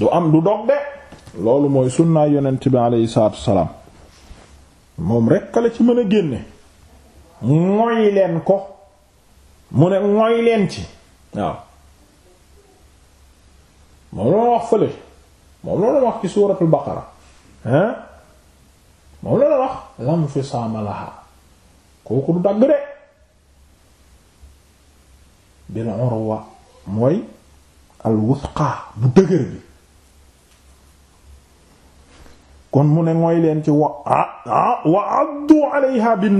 du am du dog loolu mooy sunnaa yonent bi aleyhi moom rekk la ci mën a génne moy ko mu ne moy leen ci waaw moom loolu wax fële moom loolu wax ci suuratul baqara hein moom loolu wax lam fi saamalaha kooku du dagg de bil urwa mooy al wuthqa bu dëgër bi kon mu ne mooy leen ci wa ah wa addu alayha bin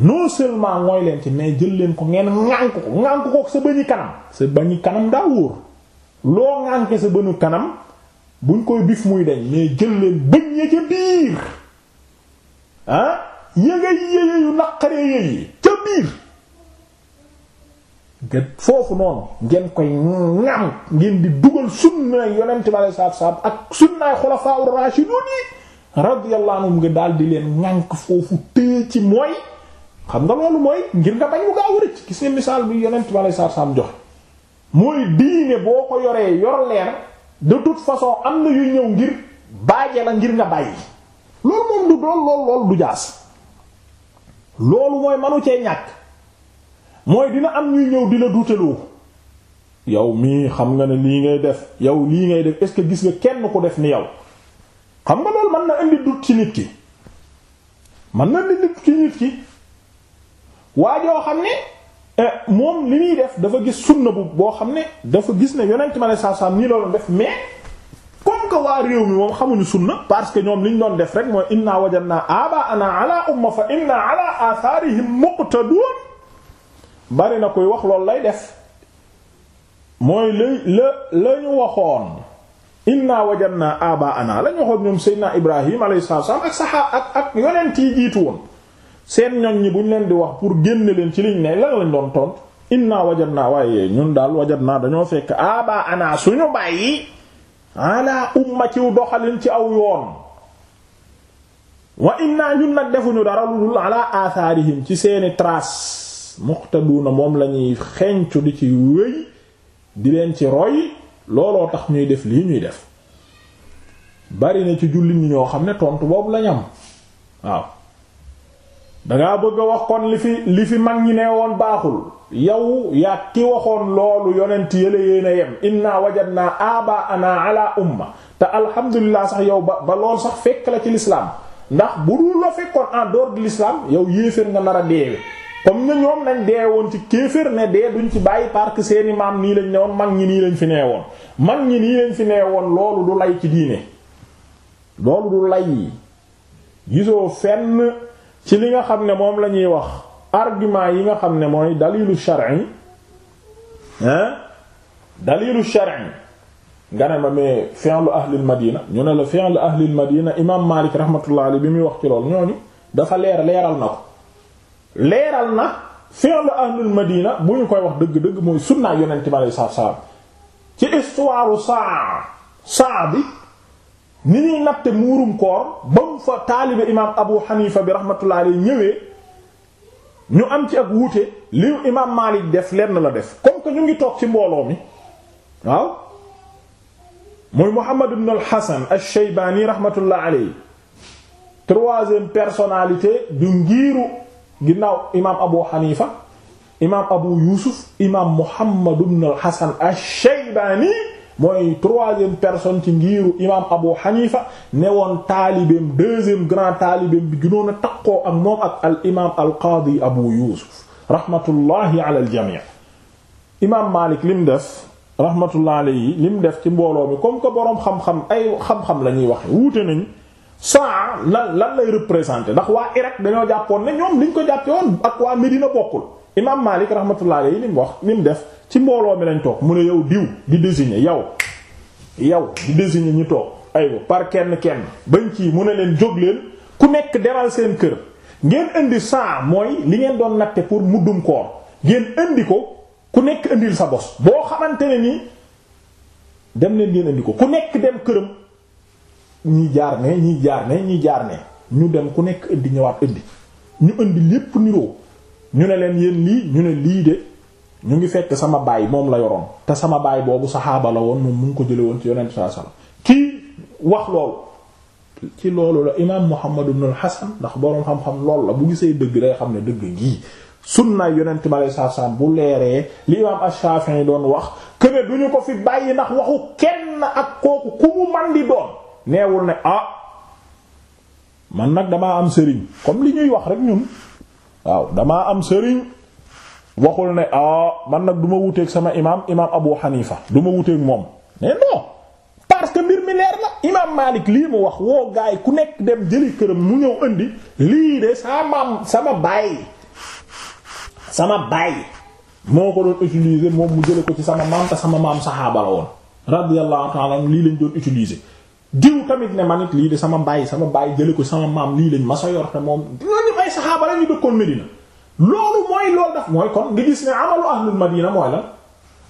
non seulement mooy leen ci mais jël leen ko ngeen ŋànk ko ŋànk ko sa bëñi kanam sa bëñi kanam sa kanam buñ koy bif muy dañ mais jël leen bëñ ya ca ah? ngeen koy ŋam ngeen di dugal sunnaay yonent bi alei saatu salaam ak sunnaay xulafaa ur-rashidun radiyallahu anhum nga daal di leen ŋànk foofu téye ci mooy xam nga loolu mooy ngir nga bañ mu gaaw a rëcc gis nga misaal bi yonent ma lay saar saam joxe mooy diine boo ko yoree yor leer de toute façon am na yu ñëw ngir baaje la ngir nga bàyyi loolu moom du dool lool lool du jaas loolu mooy manu cee ñàkk mooy dina am ñuy ñëw dina duuteloo yow mii xam nga ne lii ngay def yow lii ngay def est-ce que gis nga kenn ku def ni yow xam nga loolu mën na indi dut ci nit ki mën na indi dut ci nit ki waa joo xam ne eh, moom li muy def dafa gis sunna bu boo xam ne dafa gis ne yonent ma ne saasaam nii loolu def mais comme que waa réew mi moom xamuñu sunna parce que ñoom liñ doon def rek mooy inna wajadna abaana ala umma fa inna ala atharihim muqtadun bari na koy wax loolu lay def mooy la la la ñu waxoon inna wajadna abaana lañu waxoon ñoom seydina ibrahim alayhi salaam ak saxaa ak ak yi jiitu woon seen ñoñ ñi buñ leen di wax pour génne leen ci liñ ne lan lañ doon tont inna wajadna waaye ñun daal wajadna dañoo fekk abaana suñu bàyyi ala umma ci doxalin ci aw yoon wa inna ñun nag defuñu dara lu dul ala athaarihim ci seeni trace muqtaduna moom lañuy xencu di ci wéy di leen ci roy looloo tax ñuy def lii ñuy def bari na ci jullit ñi ñoo xam ne tontu boobu lañ am waaw dangaa bëgg a wax kon li fi li fi mag ñi nee woon baaxul yow yaa ki waxoon loolu yonent yële yéen a yem inna naa aba ana ala umma te alhamdulilah sax yow ba ba lool sax fekk la ci lislaam ndax bu dul la fekkoon en dehors de l'islam yow yéeféer nga nar a deewe comme na ñoom nañ dee woon ci kéeféer ne dee duñ ci bàyyi parce que seeni maam nii lañ ne mag ñi nii lañ fi nee man ñi nii lañ fi nee woon loolu du lay ci diine loolu du lay gisoo fenn ci li nga xam ne moom la ñuy wax argument yi nga xam ne mooy dalilu shar'i hein dalilu shar'i nga ne ma mais fi'lu ahlil madina ñu ne la fi'lu ahlil madina imaam Maalik rahmatullah alayhi bi muy wax ci loolu ñooñu dafa leer leeral na ko leeral na fi'lu ahlil madina bu ñu koy wax dëgg-dëgg mooy sunna yonent bi alayhi salaam ci histoire saa saa ni ñuy natte muurum koor ba mu fa taalibe imaam Abu Hanifa bi rahmatullah alayhi ñëwee ñu am ci ak wuute li imaam Maalik def lenn la def comme que ñu ngi toog ci mbooloo mi waaw muy Muhammad ibn al-Hasan ash-Shaybani rahmatullah alayhi troisième personnalité du ngiiru ginnaaw imaam Abu Hanifa imaam Abu Yusuf imaam Muhammad ibn al-Hasan ash-Shaybani mooy troisième personne ci ngiiru imaam Abu Hanifa ne woon taalibeem deuxième grand taalibeem bi gënoon a taqoo ak moom ak al imaam al-Qaadi Abu Yusuf rahmatullahi ala al-jamii. imaam Maalik lim def rahmatullahi alayhi lim def ci mbooloo mi comme que boroom xam-xam ay xam-xam la ñuy wax wuute nañ. saa lan lan lay représenter ndax waa Irak dañoo jàppoon ne ñoom liñ ko jàppee bokkul. imaam Maalik rahmatullah alayhi li wax li def ci mbooloo mi lañ toog mu ne yow diw di désigner yow yow di désigner ñu toog aywa par kenn kenn bañ ci mu ne leen jóg leen ku nekk demal seen kër ngeen indi saa mooy li ngeen doon natte pour muddum koor ngeen indi ko ku nekk indil sa bos boo xamante ne nii dem leen ngeen indi ko ku nekk dem këram ñii jaar ne ñii jaar ne jaar ne ñu dem ku nekk indi ñëwaat indi ñu indi lépp niroo ñu ne leen yéen lii ñu ne lii de ñu ngi fekk sama baay moom la yoroon te sama baay boobu saxaaba la woon moom mu ngi ko jële woon ci yonent sallallahu alayhi kii wax loolu ci loolu la imaam Muhammad ibn al-Hasan ndax boroom xam-xam loolu la bu gisee dëgg day xam ne dëgg ngii sunna yonent bi alei satu salaam bu leeree li imaam ash yi doon wax këne du ñu ko fi bàyyi ndax waxu kenn ak kooku ku mu man di doon neewul ne ah man nag damaa am sëriñ comme li ñuy wax rek ñun waaw damaa am sëriñ waxul ne ah man nag du ma wuteeg sama imaam imaam Abu Hanifa du ma wuteeg moom mais non parce que mbir mi leer la imaam Malik lii mu wax woo gaay ku nekk dem jëli këram mu ñëw indi lii de sama maam sama baay sama baay moo ko doon utiliser mu jële ko ci sama maam te sama maam saxaaba la woon radiyallahu ta'ala lii lañ doon utiliser diw tamit ne man it lii de sama baay sama baay jële ko sama maam lii leen ma sa yor te moom. ay saxaaba la ñu dëkkoon Medina loolu mooy loolu daf mooy kon nga gis ne amalu ahlul Madina mooy la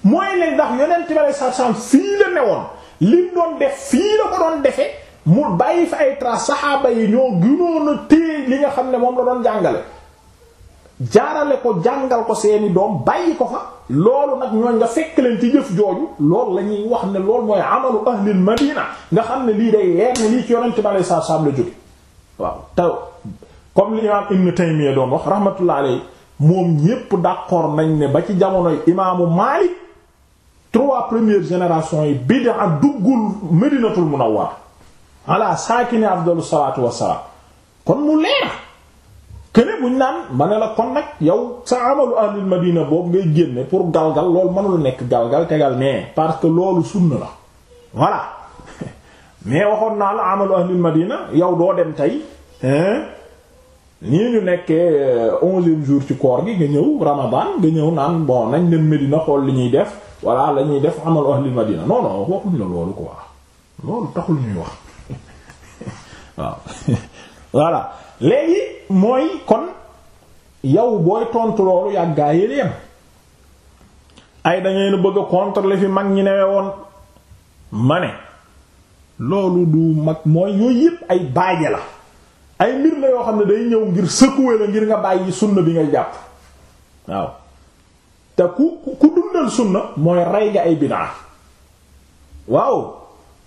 mooy leen ndax yonent bi alayhi salaatu salaam fii la newoon lim doon def fii la ko doon defee mu bàyyi fa ay traces saxaaba yi ñoo gënoon a téye li nga xam ne moom la doon jàngale. jaarale ko jàngal ko seeni doom bàyyi ko fa loolu nag ñooñ nga fekk leen ci jëf jooju loolu la ñuy wax ne loolu mooy amalu ahlil Madina nga xam ne lii de leer ne lii ci yonent ci alayhi salaatu salaam la jóge waaw comme li imaam Ibn Taymiyya doon wax rahmatullah alayhi moom ñépp d'accord nañ ne ba ci jamonoy imaamu Maalik trois premières générations yi bi bid'a duggul Madinatul Munawwar ala saakini afdalu salaatu wassalaam kon mu leer kene buñ naan ma ne la kon nag yow sa amalu ahlul madina boobu ngay génne pour galgal loolu mënul nekk galgal tegal nee parce que loolu sunna la voilà mais waxoon naa la amalu ahlul madina yow doo dem tey hein nii ñu nekkee euh, onzième jour ci koor gi nga ñëw ramadan nga ñëw naan bon nañ leen Medina xool li ñuy def walla la ñuy def amal ahli Madina non non waxuñ la loolu quoi loolu taxul ñuy wax waaw voilà léegi mooy kon yow booy tontu loolu yàggaa yéli yam ay dangeen bëgg a contre li fi mag ñi newee woon ma ne loolu du mag mooy yépp ay baaje la ay mbir la yoo xam ne day ñëw ngir secouer la ngir nga bàyyi sunna bi ngay jàpp waaw te ku ku dundal sunna mooy rey nga ay bidaa waaw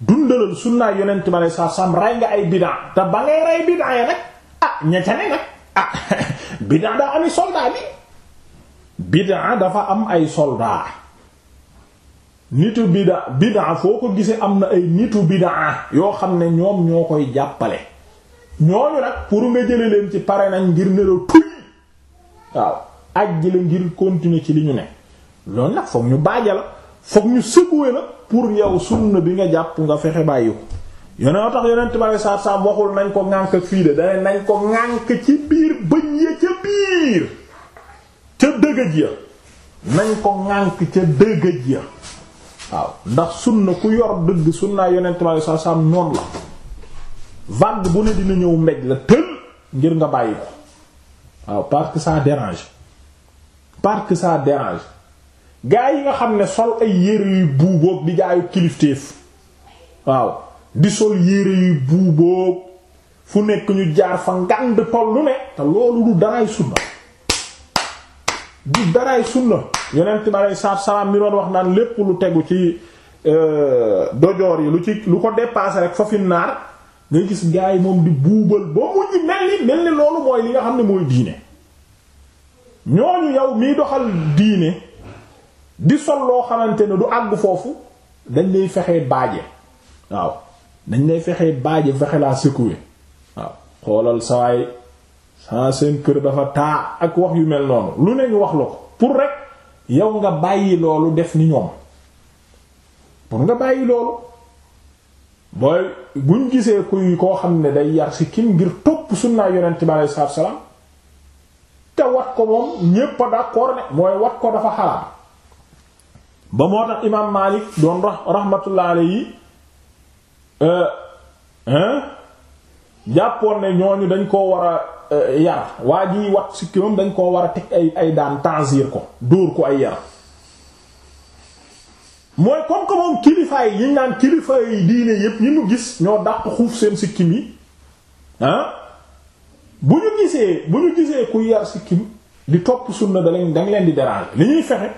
dundalal sunnaa yonent ma ne sa sam rey nga ay bidaa te ba ngay rey bidaa ya nag ah ña ne nag ah bidaa daa ami soldat bi bidaa dafa am ay soldat nitu bidaa bidaa foo ko gisee am na ay nitu bidaa yoo xam ne ñoom ñoo koy jàppale ñooñu nag pour nga jële leen ci pare nañ ngir ne la tuy waaw ajji la ngir continuer ci li ñu ne loolu nag foog ñu baaja la foog ñu sëbuwe la pour yow na bi nga jàpp nga fexe bàyyi ko yoneen tax yonent nañ ko ŋànk fii de dane nañ ko ŋànk ci biir bëñ ya ca biir ca dëgëj ya nañ ko ŋànk ca dëgëj ya waaw ndax sunna ku yor dëgg sunnaa yonent bale saar saam noonu la vague bu ne dina ñëw mbéj la tël ngir nga bàyyi ko waaw parce que ça dérange parce que gaa yi nga xam ne sol ay yére yu buuboob di jaayu kilifteef waaw di sol yére yu buuboob fu nekk ñu jaar fa ngand tollu ne te loolu du daraay sunna du daraay sunna yonent bi aleyhi salaatu salaam mi doon wax naan lépp lu tegu ci euh, dojoor yi lu ci lu ko dépassé rek fafin naar ngay gis gaay moom di buubal ba mujj mel ni mel ni loolu mooy li nga xam ne mooy diine ñooñu yow miy doxal diine di sol loo xamante ne du àgg foofu dañ lay fexee baaje waaw dañ lay fexee baaje fexe laa secouer waaw xoolal sawaay saa seen kër dafa taa ak wax yu mel noonu lu ne ñu wax la ko pour rek yow nga bàyyi loolu def ni ñoom pour nga bàyyi loolu mooy buñ gisee yi koo xam ne day yar si kim ngir topp sunnaa yonent bi alei salaatu te wat ko moom ñépp a d'accord ne mooy wat ko dafa xalaat ba moo tax imaam Maalik doon rahmatullah alayhi euh, jàppoon ne ñooñu dañ koo war a euh, yar waa ji wat si kimam dañ koo war a teg ay ay daan tanzir ko dóor ko ay yar mooy comme que moom kilifa yi ñu naan kilifa yi diine yépp ñu mu gis ñoo dàq xuuf seen sikkim yi ah? bu ñu gisee bu ñu gisee ku yar sikkim di topp sunna da leen da leen di déranger li ñuy fexe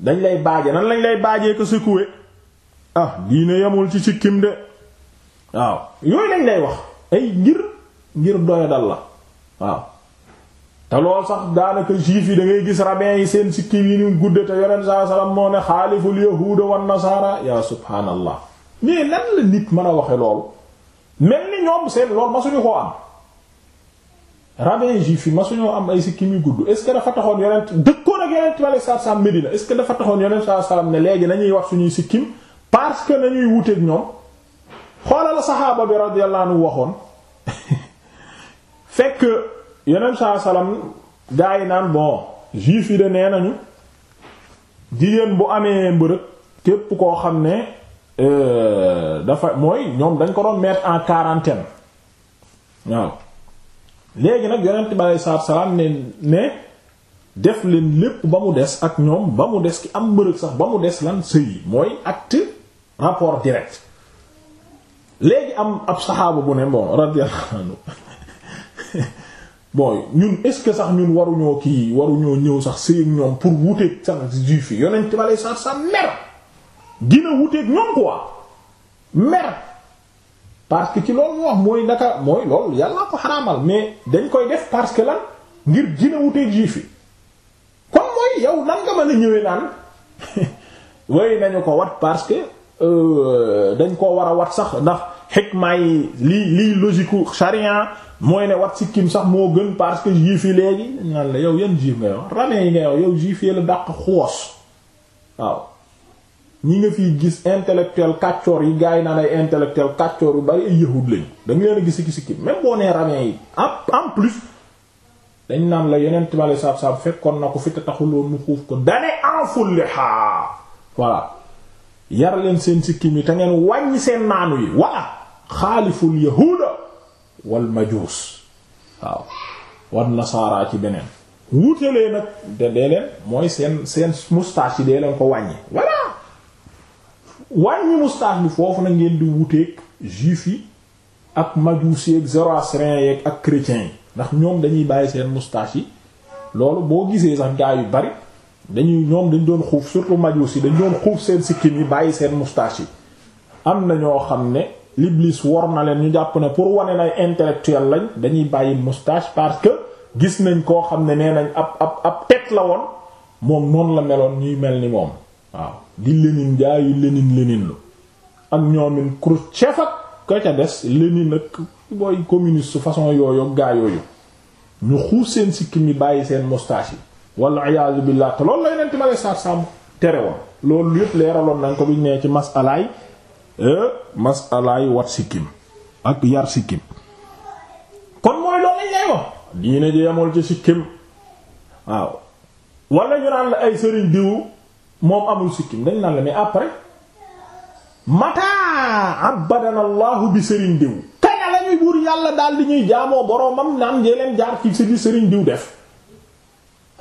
dañ lay baaje nan lañ lay baajee ko secouer ah diine yamul ci sikkim de waaw yooyu lañ lay wax ay ngir ngir doya dal la waaw te lool sax daanaka juif yi da ngay gis rabbin yi seen sikki yi ñu gudde te yonent saa salaam moo ne xaaliful yahuuda wan nasaara yaa subhaanallah mais lan la nit mën a waxe lool mel ni ñoom seen lool masuñu koo am rabbin juif yi suñu am ay sikki yu gudd est ce que dafa taxoon yonent dëkkoon ak yonent wala saa salaam Medina est ce que dafa taxoon yonent saa salaam ne léegi nañuy wax suñuy sikkim parce que nañuy wuteeg ñoom xoolal saxaaba bi radiyallahu anhu yeneen saa salaam gaa yi naan bon juif yi de nee nañu jigéen bu amee mbërëg képp koo xam ne euh, dafa mooy ñoom dañ ko doon mettre en quarantaine waaw léegi nag yonent bi aleyhi salaatu salaam ne ne def leen lépp ba mu des ak ñoom ba mu des ki am mbërëg sax ba mu des lan sëy mooy acte rapport direct léegi am ab saxaaba bu ne bon radiyallahu anhu bon ñun est-ce que sax ñun waruñoo kii waruñoo ñëw sax sëy ñoom pour wuteeg sax juif yi yonent ma lay sax sa mer dina wuteeg ñoom quoi mer parce que ci loolu mooy naka mooy loolu yàlla ko xaraamal mais dañ koy def parce que lan ngir dina wuteeg juif yi kon mooy yow nan nga mën a ñëwee naan way nañu ko wat parce que euh, dañ koo war a wat sax ndax xikma yi lii lii logique sarian mooy ne wat sikkim sax moo gën parce que juif yi léegi naan la yow yan juif ngay wax rabbin yi ngay wax yow juif yi la dàq xoos waaw ñi nga fiy gis intellectuel kàccoor yi gars yi naan ay intellectuel kàccoor yu bari ay yahud lañu da leen a gis sikki sikkim même boo nee rabbin yi en plus dañ naan la yeneen timale saab-saab fekkoon na ko fi te taxuloon mu xuuf ko dane en fulle xaa voilà yar leen seen sikkim yi te ngeen wàññi seen naanu yi xaaliful yahuuda wal majuus waaw wan nasaaraa ci beneen wuutelee nag de dee leen mooy seen seen moustache yi dee leen ko wàññi voilà wàññi moustache bi foofu na ngeen di wuteeg juif yi ak majuus yeeg zoroastriens yeeg ak chrétiens yi ndax ñoom dañuy bàyyi seen moustache yi loolu boo gisee sax gaa yu bari dañuy ñoom dañ doon xuuf surtout majuus yi dañ doon xuuf seen sikkim yi bàyyi seen moustache yi am na ñoo xam ne l'iblis wor na leen ñu jàpp ne pour wane nay intellectuel lañ dañuy bàyyi moustache parce que gis nañ koo xam ne nee nañ ab ab ab tête la woon moom noonu la meloon ñuy mel ni moom waaw di Lénine jaayu Lénine Lénine lu ak ñoomin Khrouchtchev ak ko ca des Lénine ak booy communiste façon yooyu gaa yooyu ñu xuus seen sikkim yi bàyyi seen moustache yi walla iyaazu billaah te loolu la yeneen timale saar tere woon loolu yépp leeraloon nañ ko biñ nee ci masalaay E, masalaay wat sikkim ak yar sikkim kon mooy loolu lañ diine ji amul ci sikkim waaw wala ñu naan la ay sëriñ diwu moom amul sikkim dañ naan la mais après mataa abadana laahu bi sëriñ diw kaña lañuy buur yàlla daal di ñuy jaamoo boroomam naan jee leen jaar ci si sëriñ diw def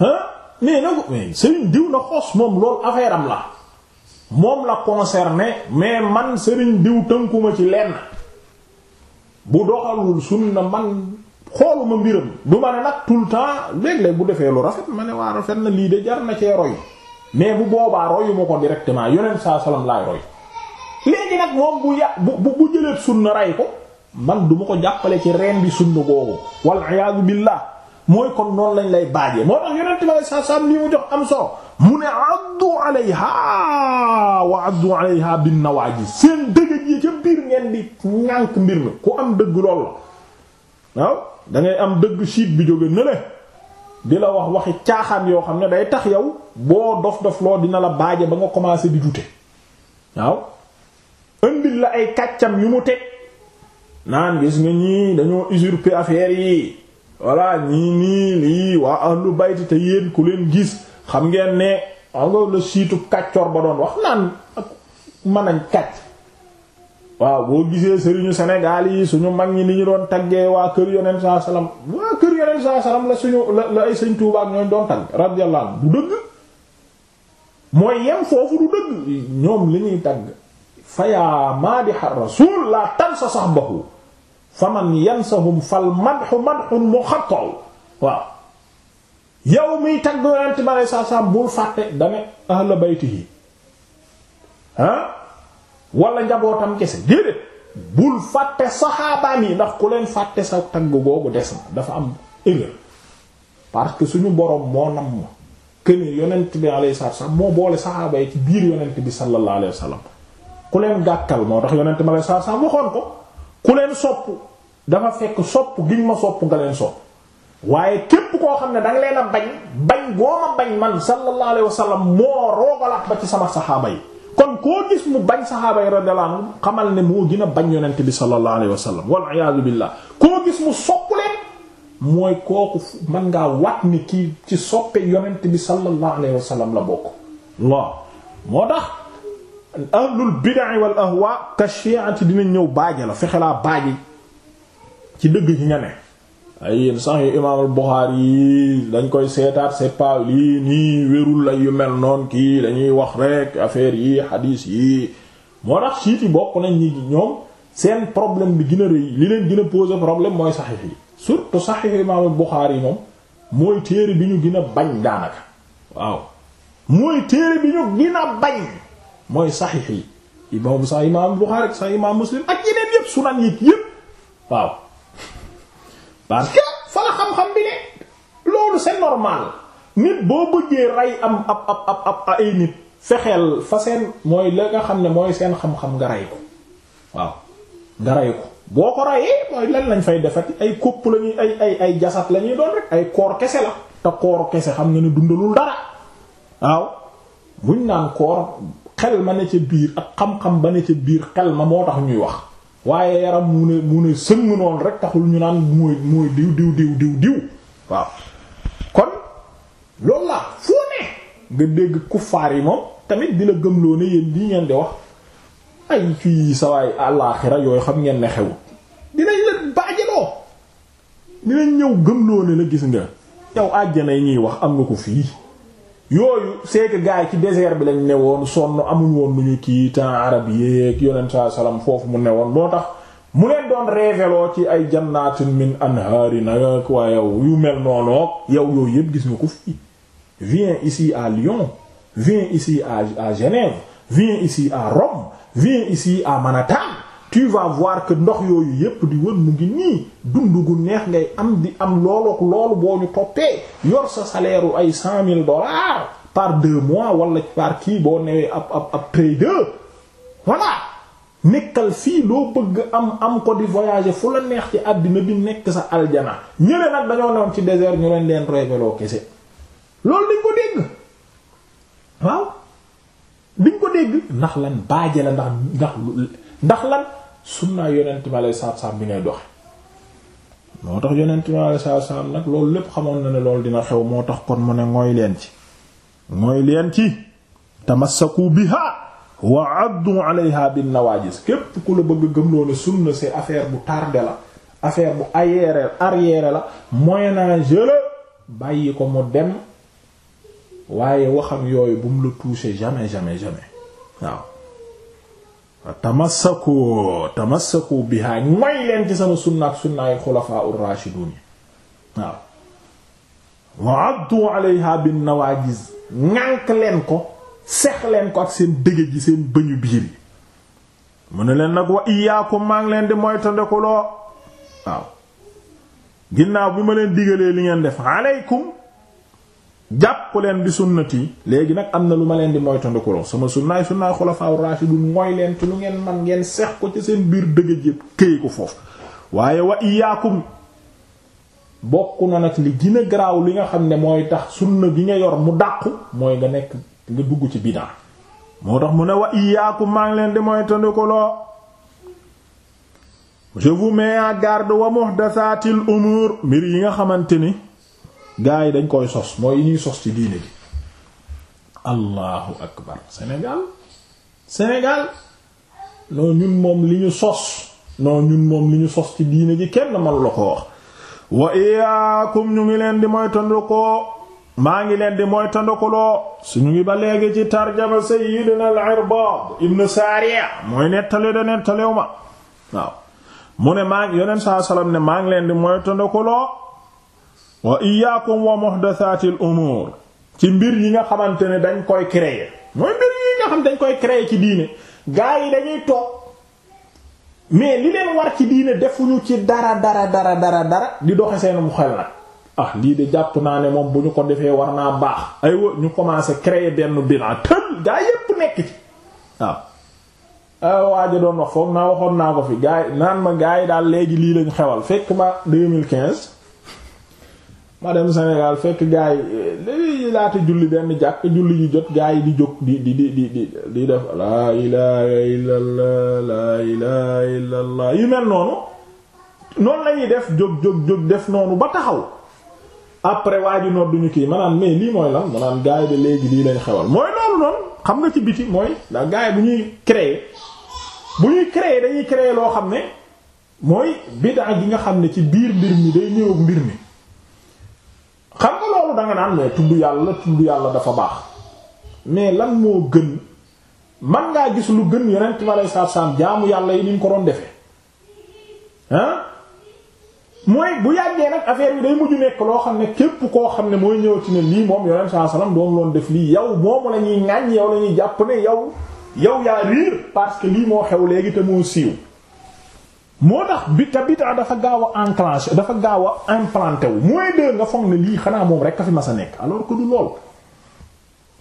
hein mais na ko sëriñ diw na xos moom loolu affaire am la moom la concerné mais man sëriñ diw tënkuma ci lenn bu doxalul sunna man xooluma mbiram du ma ne nag tout le temps léeg bu defee lu rafet ma ne waa rafet na lii de jar na cee roy mais bu boobaa royuma ko directement yonent saa salaam laay roy léegi nag moom bu ya bu bu jëleet sunna rey ko man du ko jàppale ci reen bi sunna googu wal iyaadu billah mooy kon noonu lañ lay baaje moo tax yonent bi saa saa lii mu jox am solo mu ne addu alayha wa addu alayha bin nawaaji seen dëgëj yi ca biir ngeen di ñànk mbir mi ku am dëgg lool la waaw da am dëgg siit bi jóge ne le la wax waxi caaxaan yoo xam ne day tax yow boo dof dof loo dina la baaje ba nga commencé di dute waaw indil la ay kàccam yu mu teg naan gis nga ñii dañoo usurper affaire yi voilà ñii nii lii waa ahlu bayti te yéen ku leen gis xam ngeen ne xam nga la siitu kàccoor ba doon wax naan ak mën nañ kàcc waaw boo gisee sëriñu senegaal yi suñu mag ñi ni ñu doon taggee waa kër yonent saa salaam waa kër yonent saa salaam la suñu la la ay sëñ Tuubaa ñooñ doon tagg radiyallahu du dëgg mooy yem foofu du dëgg ñoom li ñuy tagg fayaa maadihar rasul la tan sa sax baxu faman yansahum fal madhu madhun muqatta waaw yow miy tagg yonent bi aleyhi salaatu salaam bul fàtte dane ahla baytihi wala njabootam kese déedéet bul yi ndax ku leen fàtte sa tagg boobu des na dafa am erreur parce que suñu borom moo nam ma këni yonent bi aleyhi salaatu salaam moo boole saxaaba yi ci biir yonent bi sallallahu alayhi wa sallam ku leen gàkkal moo tax yonent bi aleyhi salaatu salaam waxoon ko ku leen sopp dafa fekk sopp giñ ma sopp nga leen sopp waaye képp koo xam ne danga leen a bañ bañ boo ma bañ man sallallahu alayhi wa moo roogalaat ba ci sama saxaaba yi kon koo gis mu bañ saxaaba yi radiyallahu xamal ne moo dina bañ yonent bi sallallahu alayhi wa sallam wal iyaadu billah koo gis mu sopp leen mooy kooku man ngaa wat ni kii ci soppe yonent bi sallallahu alayhi wa la bokk waaw moo tax ahlul bid'a wal ahwa ka shi'ati dina ñëw baaje la fexe laa baaje ci dëgg ci nga ne ay yéen sax imaamul Buxaari yi dañ koy seetaat c'est pas lii nii wérul la yu mel noon kii dañuy wax rek affaire yi xadiis yi moo tax siit yi bokk nañ ñi ñoom seen problème bi gina a rëy li leen gën a poser problème mooy saxiix yi surtout saxiix imaamul Buxaari yi moom mooy téere bi ñu gën a bañ daanaka waaw mooy téere bi ñu gën bañ mooy saxiix yi imam sax imam Buxaari sax imam Muslim ak yeneen yépp sunan yi yépp waaw parce que fa la xam-xam bi ne loolu c'est normal nit boo bëggee rey am ab ab ab ab ay nit fexeel fa seen mooy la nga xam ne mooy seen xam-xam nga rey ko waaw nga rey ko boo ko reyee mooy lan lañ fay defati ay kopp lañuy ay ay ay jasat la doon rek ay koor kese la te koor kese xam nga ne dundalul dara waaw buñ naan koor xel ma ne ca biir ak xam-xam ba ne ca biir xel ma moo tax ñuy wax waaye yaram mu ne mu ne sëng rek taxul ñu naan mooy mooy diw diw diw diw diw waaw kon loolu la foo ne nga dégg kuffaar yi moom tamit di la gëmloo ne yéen ngeen di wax ay fii sawaay àllaaxira yooyu xam ngeen ne xewut dinañ ñëw gëmloo ne la gis nga yow àjjana yi ñuy wax am nga ko fii yooyu c'est que gars yi ci désert bi lañ ne woon sonn amuñ woon lu ñu kii temps arab yéeg yonent saa salaam foofu mu ne woon moo tax mu leen doon révélo ci ay jannatin min anhaari nag waa yu mel noonoog yow yooyu yëpp gis nga ko fii viens ici à Lyon viens ici à à Genève viens ici à Rome viens ici à Manhattan tu vas voir que ndox yooyu yépp di wër mu ngi nii dund gu neex ngay am di am loolook loolu boo ñu toppee yor sa salaire ay cent mille dollars par deux mois wala par kii boo newee ab ab ab trader voilà nekkal fii loo bëgg am am ko di voyager fu la neex ci àddina bi nekk sa aljana ñeneen nag dañoo newoon ci désert ñu leen leen révéloo kese loolu dañ ko dégg waaw dañ ko dégg ndax lan baaje la ndax ndax ndax lan sunnaa yonent mi alayhi salaatu bi ngay doxe moo tax yonent mi alayhi salaatu nag loolu lépp xamoon na ne loolu dina xew moo tax kon mu ne mooy leen ci mooy leen ci tamassaku biha wa addu alayha bin nawaajis képp ku la bëgg gëmloo ne sunna c'est affaire bu tardé la affaire bu arrière arrière la moyen âge la bàyyi ko mu dem waaye waxam yooyu bu mu la toucher jamais jamais jamais waaw tamassaku tamassaku bihaa mooy leen ci sama sunna ak sunnaay xulafaa ur-raashidun waaw wa addu alayha bin nawaajiz ŋànk leen ko sex leen ko ak seen dëgëj yi seen bëñu biir yi mu ne leen nag wa iyaakum maa ngi leen di moytandikuloo waaw ginnaaw bi ma leen digalee li ngeen def alaykum jàpp leen bi sunnati léegi nag am na lu ma leen di moytandikuloo sama sunnaay sunnaay xulafaa rashidun mooy leen ci lu ngeen man ngeen sex ko ci seen biir dëgg yépp këye ko foofu waaye wa iyaakum bokk na nag li gën a garaaw li nga xam ne mooy tax sunna bi nga yor mu dàqu mooy nga nekk nga dugg ci bidaa moo tax mu ne wa iyaakum maa leen di moytandikuloo je vous mets en garde wa muhdathatil umur mbir yi nga xamante ni gaa yi dañ koy sos mooy yi ñuy sos ci diine gi allahu akbar Sénégal Sénégal non ñun moom li ñu sos non ñun moom li ñu sos ci diine ji kenn mënu la ko wax wa iyaakum ñu ngi leen di moytandu ko maa ngi leen di moytandu ko su ñu ngi ba léegi ci tarjama sayyidina al-Irbad ibn Sariya mooy nettale da nettalew ma waaw mu ne maa ngi yoneen saa salaam ne maa ngi leen di moytandu ko wa iyaakum wa muhdathaati al ci mbir yi nga xamante ne dañ koy créer mooy mbir yi nga xam dañ koy créer ci diine gaa yi dañuy toog mais li leen war ci diine defuñu ci dara dara dara dara dara di doxe seen mu xel nag ah lii de jàpp naa ne moom bu ñu ko defee war naa baax aywa ñu commencé créer benn bilan tël gaa yépp nekk ci waaw ah, waaja doon wax foog naa waxoon naa ko fi gaa yi naan ma gaa yi daal léegi lii lañ xewal fekk ma ma dem Sénégal fekk gars yi eh, laata julli benn jàkk julli ji jot gars yi di jóg di di di di di di def laa ilaha illallah laa ilaha illallah yu mel noonu noonu lañuy def jóg jóg jóg def noonu ba taxaw après waa ji noor duñu kii maanaam mais lii mooy lan maanaam gars yi de léegi lii lañ xewal mooy loolu noonu xam nga ci biti mooy ndax gars yi bu ñuy créer bu ñuy créer dañuy créer loo xam ne mooy bid'a gi nga xam ne ci biir mbir mi day ñëw mbir mi xam nga loolu da nga naan mais tudd yàlla tudd yàlla dafa baax mais lan moo gën man ngaa gis lu gën yonent bi aleyhi salaatu salaam jaamu yàlla yi ni ko doon defee ah mooy bu yàggee nag affaire bi day mujj nekk loo xam ne képp koo xam ne mooy ñëwati ne lii moom yonent saa salaam doon loon def lii yow moomu la ñuy ŋaññ yow la ñuy jàpp ne yow yow yaa riir parce que lii moo xew léegi te moo siiw. moo tax bi ta bid'a dafa gaaw a enclenché dafa gaaw a implanté wu mooy dee nga foog ne lii xanaa moom rek a fi mas a nekk alors que du lool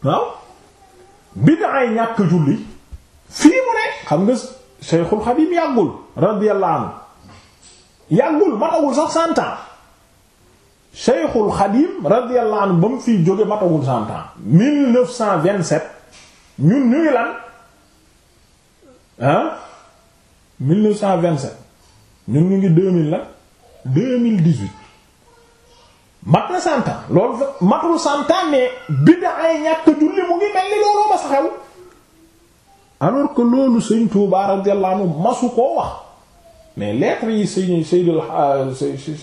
waaw bid'a yi ñàkk julli fii mu ne xam nga Cheikhul Khadim yàggul radiyallahu anhu yàggul matawul sax cent ans Cheikhul Khadim radiyallahu anhu ba mu fiy jóge matawul cent ans 1927 ñun ñuy lan ah ñun ñu ngi deux mille la deux mille dix-huit mat na cent ans loolu matul cent ans mais bidda ay ñàkk julli mu ngi mel ni looloo ma sa xew alors que loolu sëñ Touba radiyallahu anhu masu koo wax mais lettres yi sëñ Seydou euh,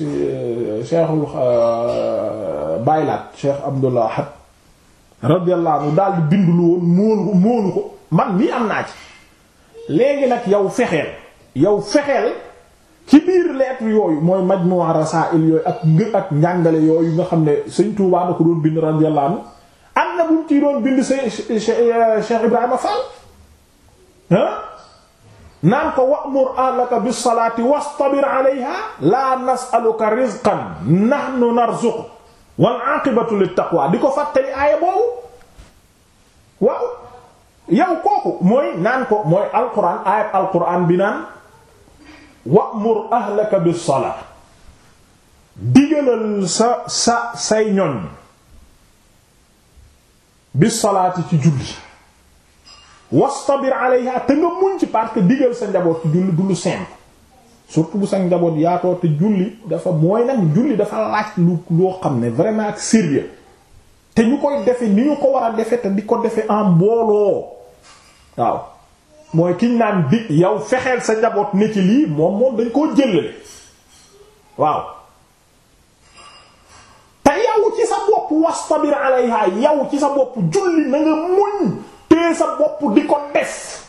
euh, Cheikhul euh, Baylaat Cheikh Abdullah Had radiyallahu anhu daal di bind lu woon moolu moolu ko man mii am naa ci léegi nag yow fexeel yow fexeel. ci biir lettre yooyu mooy majmu'a rasaa'il yooyu ak ngë ak njàngale yooyu nga xam ne sëñ Touba na ko doon bind radiyallahu anhu am na bu mu ciy doon bind Cheikh Ibrahima Fall naan ko wa'mur ahlaka bis salaati wastabir alayha la nas'aluka rizqan nahnu narzuqu wal 'aqibatu lit taqwa di ko fàttali aaya boobu waaw yow kooku mooy naan ko mooy alquran aayat alquran bi naan wa'mur ahlaka bis salaa digalal sa sa say ñoñ bis salaati ci julli wastabir alayha te nga muñ ci parce que digal sa njaboot ci julli du lu simple surtout bu sa njaboot yaatoo te julli dafa mooy nag julli dafa laaj lu loo xam ne vraiment ak sérieux te ñu koy defe ni ñu ko war a defe te di ko defe en mbooloo waaw mooy kiñ naan bi yow fexeel sa njaboot ne ci lii moom moom dañ koo jëlale waaw te yow ci sa bopp wastabir alayha yow ci sa bopp julli na muñ tee sa bopp di ko def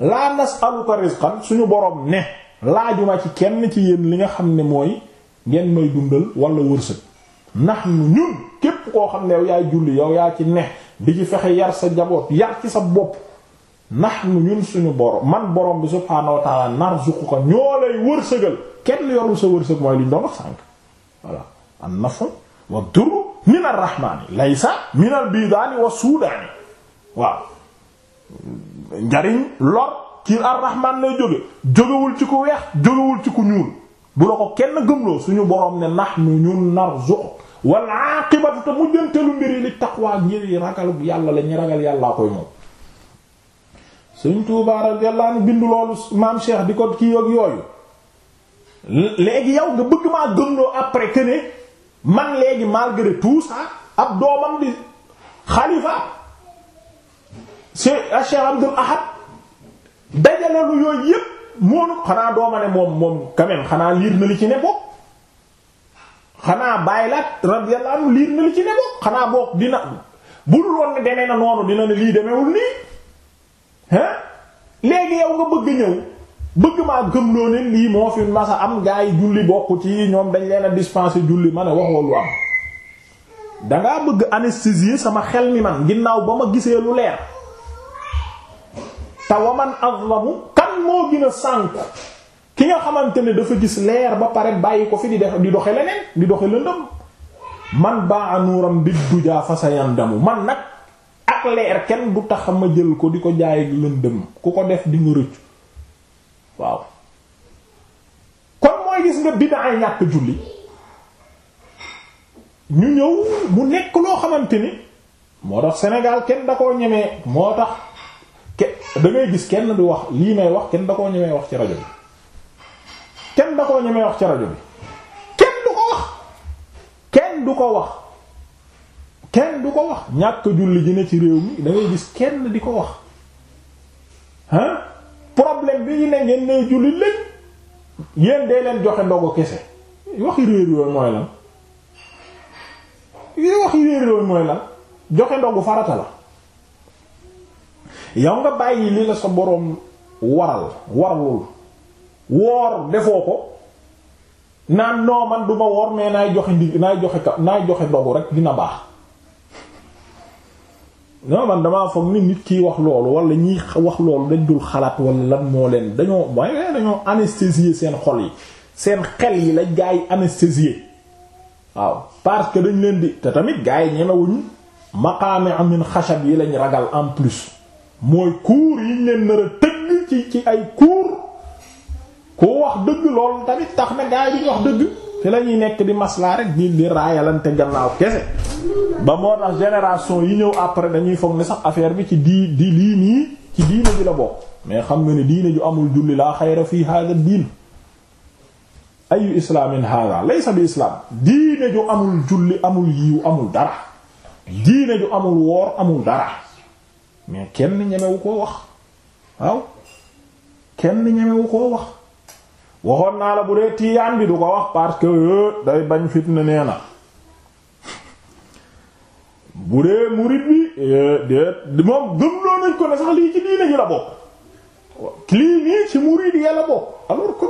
laa nasaluka rizqan suñu boroom ne laajuma ci kenn ci yéen li nga xam ne mooy ngeen may dundal walla wërsëg ndax ñun képp koo xam ne yow yaay julli yow yaa ci ne bi ci fexe yar sa njaboot yar ci sa bopp nahnu ñun suñu borom man borom bi subhaanahu wa ta'ala narzuquka ñoo lay wërsëgal kenn yorul sa wërsëg mooy li ñu doon wax sànq voilà an nafu wa durru min ar-rahmaani laysa min al-biidaani wa suudaani waaw njariñ lor ci ar-rahmaan lay jóge jógewul ci ku weex jógewul ci ku ñuul bu la ko kenn gëmloo suñu borom ne nahnu ñun narzuq wal aaqibatu te mujjantelu mbiri li taqwa ngir ragal yàlla la ñi ragal yàllaa koy moom Sëriñ Tuubaa radiyallahu bindu loolu maam Cheikh di ko kii ak yooyu léegi yow nga bëgg maa gëmloo après que man léegi malgré tout ça ab doomam di xalifa Cheikh ah, Cheikh Abdul Ahad dajale lu yooyu yépp moonu xanaa dooma ne moom moom quand même xanaa liir na li ci ne bokk xanaa bàyyi laat radiyallahu anhu liir na li ci ne bokk xanaa bokk dina bu dul woon ne demee na noonu dina ne lii demewul nii hein léegi yow nga bëgg ñëw bëgg maa gëmloo ne lii moo fi masa am gaa yi julli bokk ci ñoom dañ leen a dispensé julli ma ne waxoo lu am dangaa bëgg anesthésier sama xel mi man ginnaaw ba ma gisee lu leer te waman azlamu kan moo gën a sànk ki nga xamante ne dafa gis leer ba pare bàyyi ko fi di def di doxe leneen di doxe lëndëm man baa nuuram bi dujaa fa sa yandamu man nag ak kenn du tax ma jël ko di ko jaay ak lëndëm ku ko def di nga rëccu waaw kon mooy gis nga biddaa ñàkk julli ñu ñëw mu nekk loo xamante ni moo tax Sénégal kenn da koo ñemee moo tax da ngay gis kenn du wax lii may wax kenn da koo ñemee wax ci rajo bi kenn da koo ñemee wax ci rajo bi kenn du ko wax kenn du ko wax kenn du ko wax ñàkk julli ji ne ci réew mi dangay gis kenn di ko wax ah problème bi ñu ne ngeen ne julli lañ yéen day leen joxe ndogo kese waxi réer yooyu mooy lan yi waxi réer yooyu mooy lan joxe ndogu farata la yow nga bàyyi li la sa boroom waral waralul woor defoo ko naan noo man duma woor mais naay joxe ndig naay joxe ka naay joxe ndogu rek dina baax non man damaa foog ni nit kiy wax loolu wala ñiy wax loolu dañ dul xalaat wala lan moo leen dañoo mooy eh, dañoo anesthésier seen xol yi seen xel yi lañ gaa yi anesthésier waaw parce que dañ leen di te tamit gaa yi ñemewuñu maqaami amin xashab yi lañ ragal en plus mooy kuur yiñ leen nar a tëgg ci ci ay kuur ku wax dëgg loolu tamit tax na gaa yi di wax dëgg te la ñuy nekk di maslaa rek di di raayalante gannaaw kese ba moo tax génération yi ñëw après dañuy foog ne sax affaire bi ci di di lii nii ci diine bi la bokk mais xam nga ne diine ju amul julli laa fii hada diin ayu islaam diine ju amul julli amul dara diine ju amul woor amul dara mais kenn ñemewu koo wax waaw kenn ñemewu koo wax waxoon naa la bu dee tiiyaan bi du ko wax parce que euh, day bañ fitna nee na bu dee murit bi eh, déet moom gëmloo nañ ko ne sax lii ci diine ji la bokk lii nii ci murid yi la bokk alors que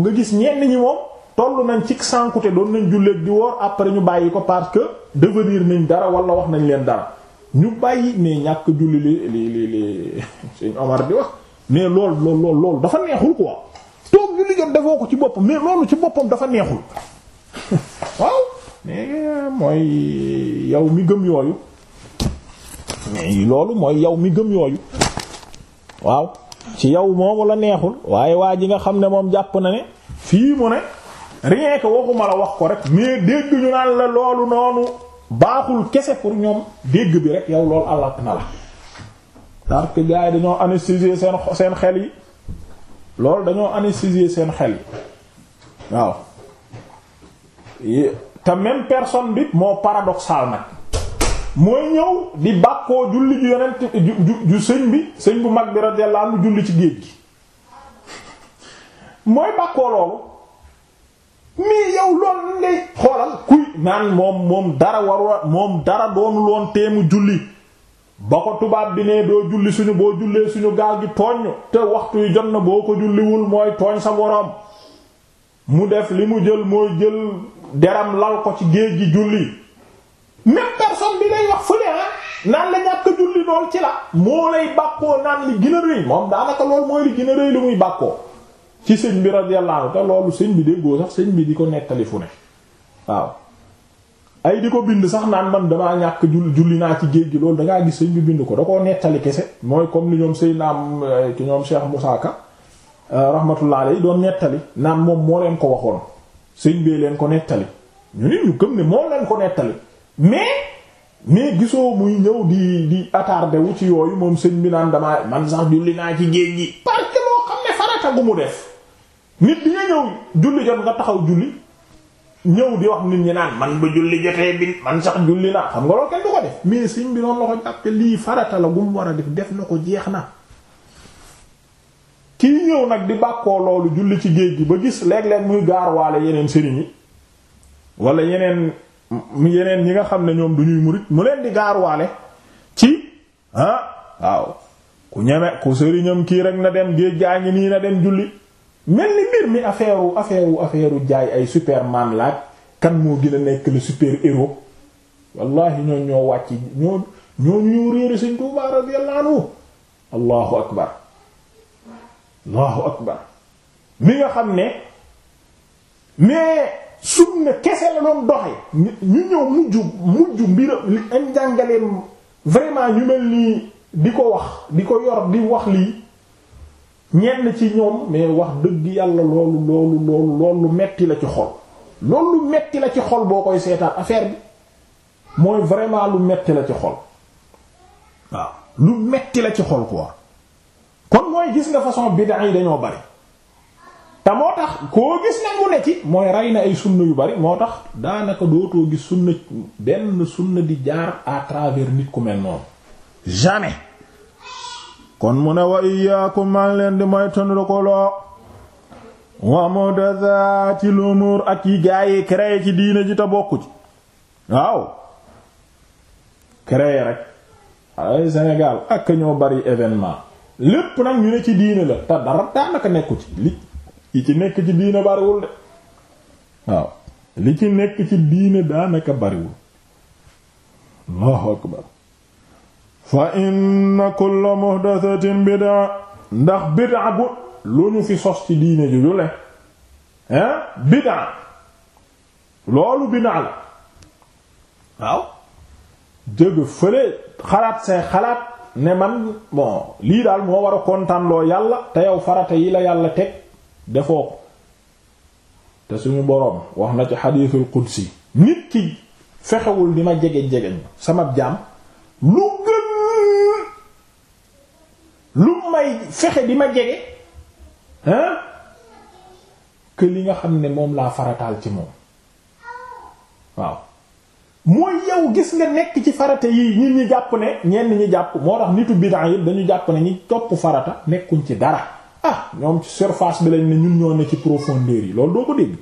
nga gis ñenn ñi moom toll nañ ci sànkute doon nañ julleek di woor après ñu bàyyi ko parce que devenir nañ dara wala wax nañ leen dara ñu bàyyi mais ñàkk julli li li li li sëñ Omar di wax mais lool lool lool dafa neexul quoi toog julli jot defoo ko ci boppam mais loolu ci boppam dafa neexul waaw euh, mooy yow mi gëm yooyu mais loolu mooy yow mi gëm yooyu waaw ci yow moomu la neexul waaye waa ji nga xam ne moom jàpp na ne fii mu ne rien que waxuma la wax ko rek mais dégg ñu naan la loolu noonu baaxul kese pour ñoom dégg bi rek yow loolu àllat na la parce que gars yi dañoo anesthésier seen seen xel yi loolu dañoo anesthésier seen xel yi waaw te même personne bi moo paradoxal nag mooy ñëw di bàkkoo julli ju yonent ju ju sëñ bi sëñ bu mag bi radiyallahu anhu julli ci géej gi mooy bàkkoo loolu mais yow loolu ngay xoolal kuy naan moom moom dara warula moom dara doonul woon teemu julli ba ko tubaab bi ne doo julli suñu boo jullee suñu gaal gi tooñ te waxtu yu jot na boo ko julliwul mooy tooñ sa boroom mu def li mu jël mooy jël deram lal ko ci géej gi julli même personne bi lay wax fële ah, naan la ñàkk julli lool ci la moo lay bàkkoo naan li gën a rëy moom daanaka lool mooy li gën rëy lu muy bàkkoo ci sëñ bi radiyallahu anhu te loolu sëñ bi déggoo sax sëñ bi di ko nettali fu ne waaw ay di ko bind sax naan man damaa ñàkk julli julli naa ci géej gi loolu dangaa gis sëñ bi bind ko da koo nettali kese mooy comme li ñoom sëy naam eh, ki ñoom Cheikh Moussa Ka eh, rahmatullah doon nettali naan moom moo leen ko waxoon sëñ bee leen ko nettali ñu nit ñu gëm ne moom leen ko nettali mais mais gisoo muy ñëw di di attardé wu ci yooyu moom sëñ bi naan damaa man sax julli naa ci géej gi parce que xam ne farata gu mu def nit di nga ñëw julli jot nga taxaw julli ñëw di wax nit ñi naan man ba julli jotee bi man sax julli naa xam nga loolu kenn du ko def mais sëñ bi noonu la ko jàppe lii farata la gu mu war a def def na ko jeex na kii ñëw nag di bàkkoo loolu julli ci géej gi ba gis léeg-léeg muy gaarwaale yeneen sëriñ yi wala yeneen yeneen ñi nga xam ne ñoom du ñuy murit mu leen di gaaruwaale ci ah waaw ku ñeme ku sëriñam kii rek na dem géej gaa ngi nii na dem julli mel ni mbir mi affaire wu affaire jaay ay superman laaj kan moo gën a nekk la super héros wallahi ñoo ñoo wàcc ñoo ñoo ñoo réere Sëriñ allahu akbar allahu akbar mi nga xam ne mais na kese la doon doxe ñu ñëw mujj mujj mbiram li am jàngaleem vraiment ñu mel nii di ko wax di ko yor di wax lii ñenn ci ñoom mais wax dëgg yàlla loolu loolu loolu loolu metti la ci xol loolu metti la ci xol boo koy seetaan affaire bi mooy vraiment lu metti la ci xol waaw lu metti la ci xol quoi kon mooy gis nga façon bid'a yi dañoo bari te moo tax koo gis nag mu ne ci mooy rey na ay sunna yu bari moo tax daanaka dootoo gis sunna benn sunna di jaar à nit ku mel noonu jamais kon mu ne wa iyaakum man leen di mooy tëndkoloo wa muhdathaati lumur ak yi gaayi créé ci diina ji te bokku ci waaw créé rek ay Sénégal ak ñoo bari événement lépp nag ñu ne ci diine la te dara daanaka nekku ci li li ci nekk ci diine bariwul de waaw li ci nekk ci diine daanaka bariwul allahu akbar fa inna kulla muhdathatin bid'a ndax bid'a bu lu ñu fi sos ci diine ju le hein bid'a loolu bid'a la waaw jëgg fële xalaat say xalaat ne man bon lii daal moo war a kontaanloo yàlla te yow farata yi la yàlla teg defoo ko te suñu boroom wax na ci xadiisul qudsi nit ki fexewul di ma jege jege sama jaam lu gën lu may fexe bi ma jege hein que nga xam ne moom laa farataal ci moom waaw mooy yow gis nga nekk ci farata yi ñun ñi jàpp ne ñenn ñi jàpp moo tax nitu bid'a yëpp dañu jàpp ne ñi topp farata nekkuñ ci dara ah ñoom ci surface bi lañ ne ñun ñoo ne ci profondeur yi loolu doo ko dégg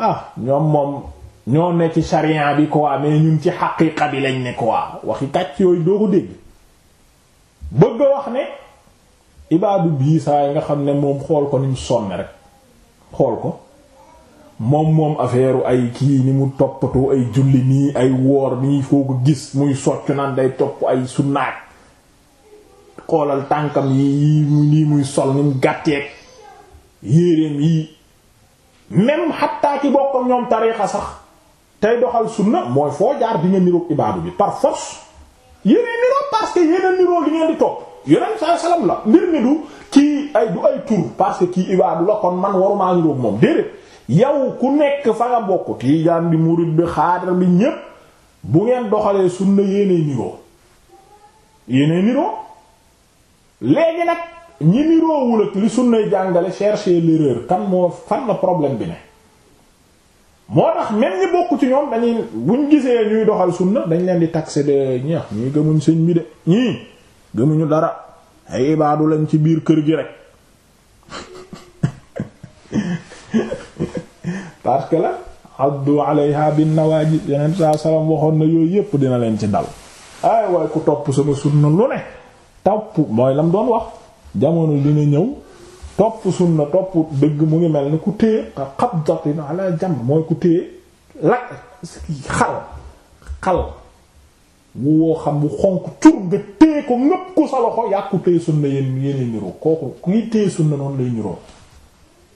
ah ñoom moom ñoo ne ci charia bi quoi mais ñun ci xaqiqa bi lañ ne quoi waxi kàcc yooyu doo ko dégg bëgg a wax ne ibaadu bii saa yi nga xam ne moom xool ko ni mu sonn rek xool ko moom moom affaire ay kii ni mu toppatoo ay julli nii ay woor nii foo ko gis muy soccu naan day topp ay sunnaat xoolal tànkam yi nii muy sol ni mu gàtteeg yéreem yi même xattaa ki ñoom tariixa sax tey doxal sunna mooy foo jaar di nga niroog ibaadu bi par force yéenee niroo parce que yéenee niroo li ngeen di topp yonent saa salaam la mbir mi du kii ay du ay tur parce que kii ibaadu la kon man warumaa niroog moom déedéet yow ku nekk fa nga bokk tiijaan bi murid bi xaadar bi ñépp bu ngeen doxalee sunna yéenee niroo yéenee niroo léegi nag ñi niroowul ak li sunnay jàngale chercher l'erreur kan moo fan la problème bi ne moo tax même ñi bokk ci ñoom dañuy buñ gisee ñuy doxal sunna dañ leen di taxer de ñi ñii gëmuñ sëñ bi de ñii gëmuñu dara ay ibaadu lañ ci biir kër gi rek parce que la addu alayha bin nawaajid yeneen saa salaam waxoon na yooyu yépp dina leen ci dal ay waaye ku topp sama sunna lu ne topp mooy lam doon wax jamono dina ñëw topp sunna topp dëgg mu ngi mel ni ku téye qabdatin ala jam xal xal woo xam bu xonq cur nga téye ko ngëpp ko sa loxo yaa ku téye sunna yéen yéenay niroo kooku ku ngi téye sunna noonu lay niroo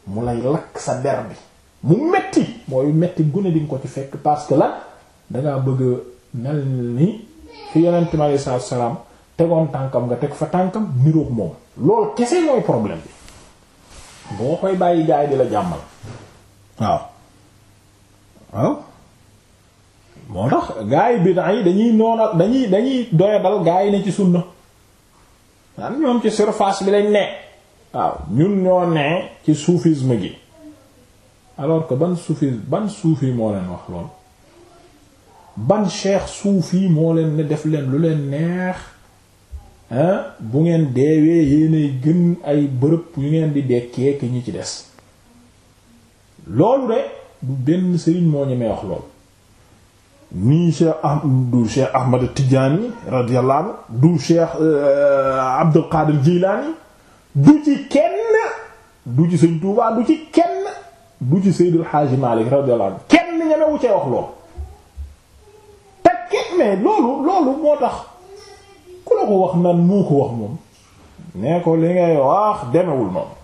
mu lay lakk sa der bi mu metti mooy metti gune di ko ci fekk parce que lan dangaa bëgg a mel ni fi yonent mi aleyhi salaatu salaam tegoon tànkam nga teg fa tànkam niroog moom loolu kese mooy problème bi boo koy bàyyi gaay di la jàmmal waaw waaw moo tax gaay bi bid'a yi dañuy noonal dañuy dañuy doyadal gaay yi ne ci sunna daan ñoom ci surface bi lañ ne waaw ñun ñoo ne ci suufism gi alors que ban suufi ban suufi moo leen wax lool ban cheikh suufi moo leen def leen lu leen neex bu ngeen deewee yéenay gën ay bërëb yu ngeen di dekkee ki ñu ci des loolu de du benn sëriñ moo ñemee wax lool nii cheikh am du cheikh du cheikh euh, Abdul Qadir Jilani du ci kenn du ci Sëriñ Tuubaa du ci kenn du ci Seydil Hadji Malick radiyallahu anhu kenn ñemewu cee wax loolu te kenn loolu loolu moo tax ku la ko wax nan moo ko wax moom nee ko li ngay wax demewul noonu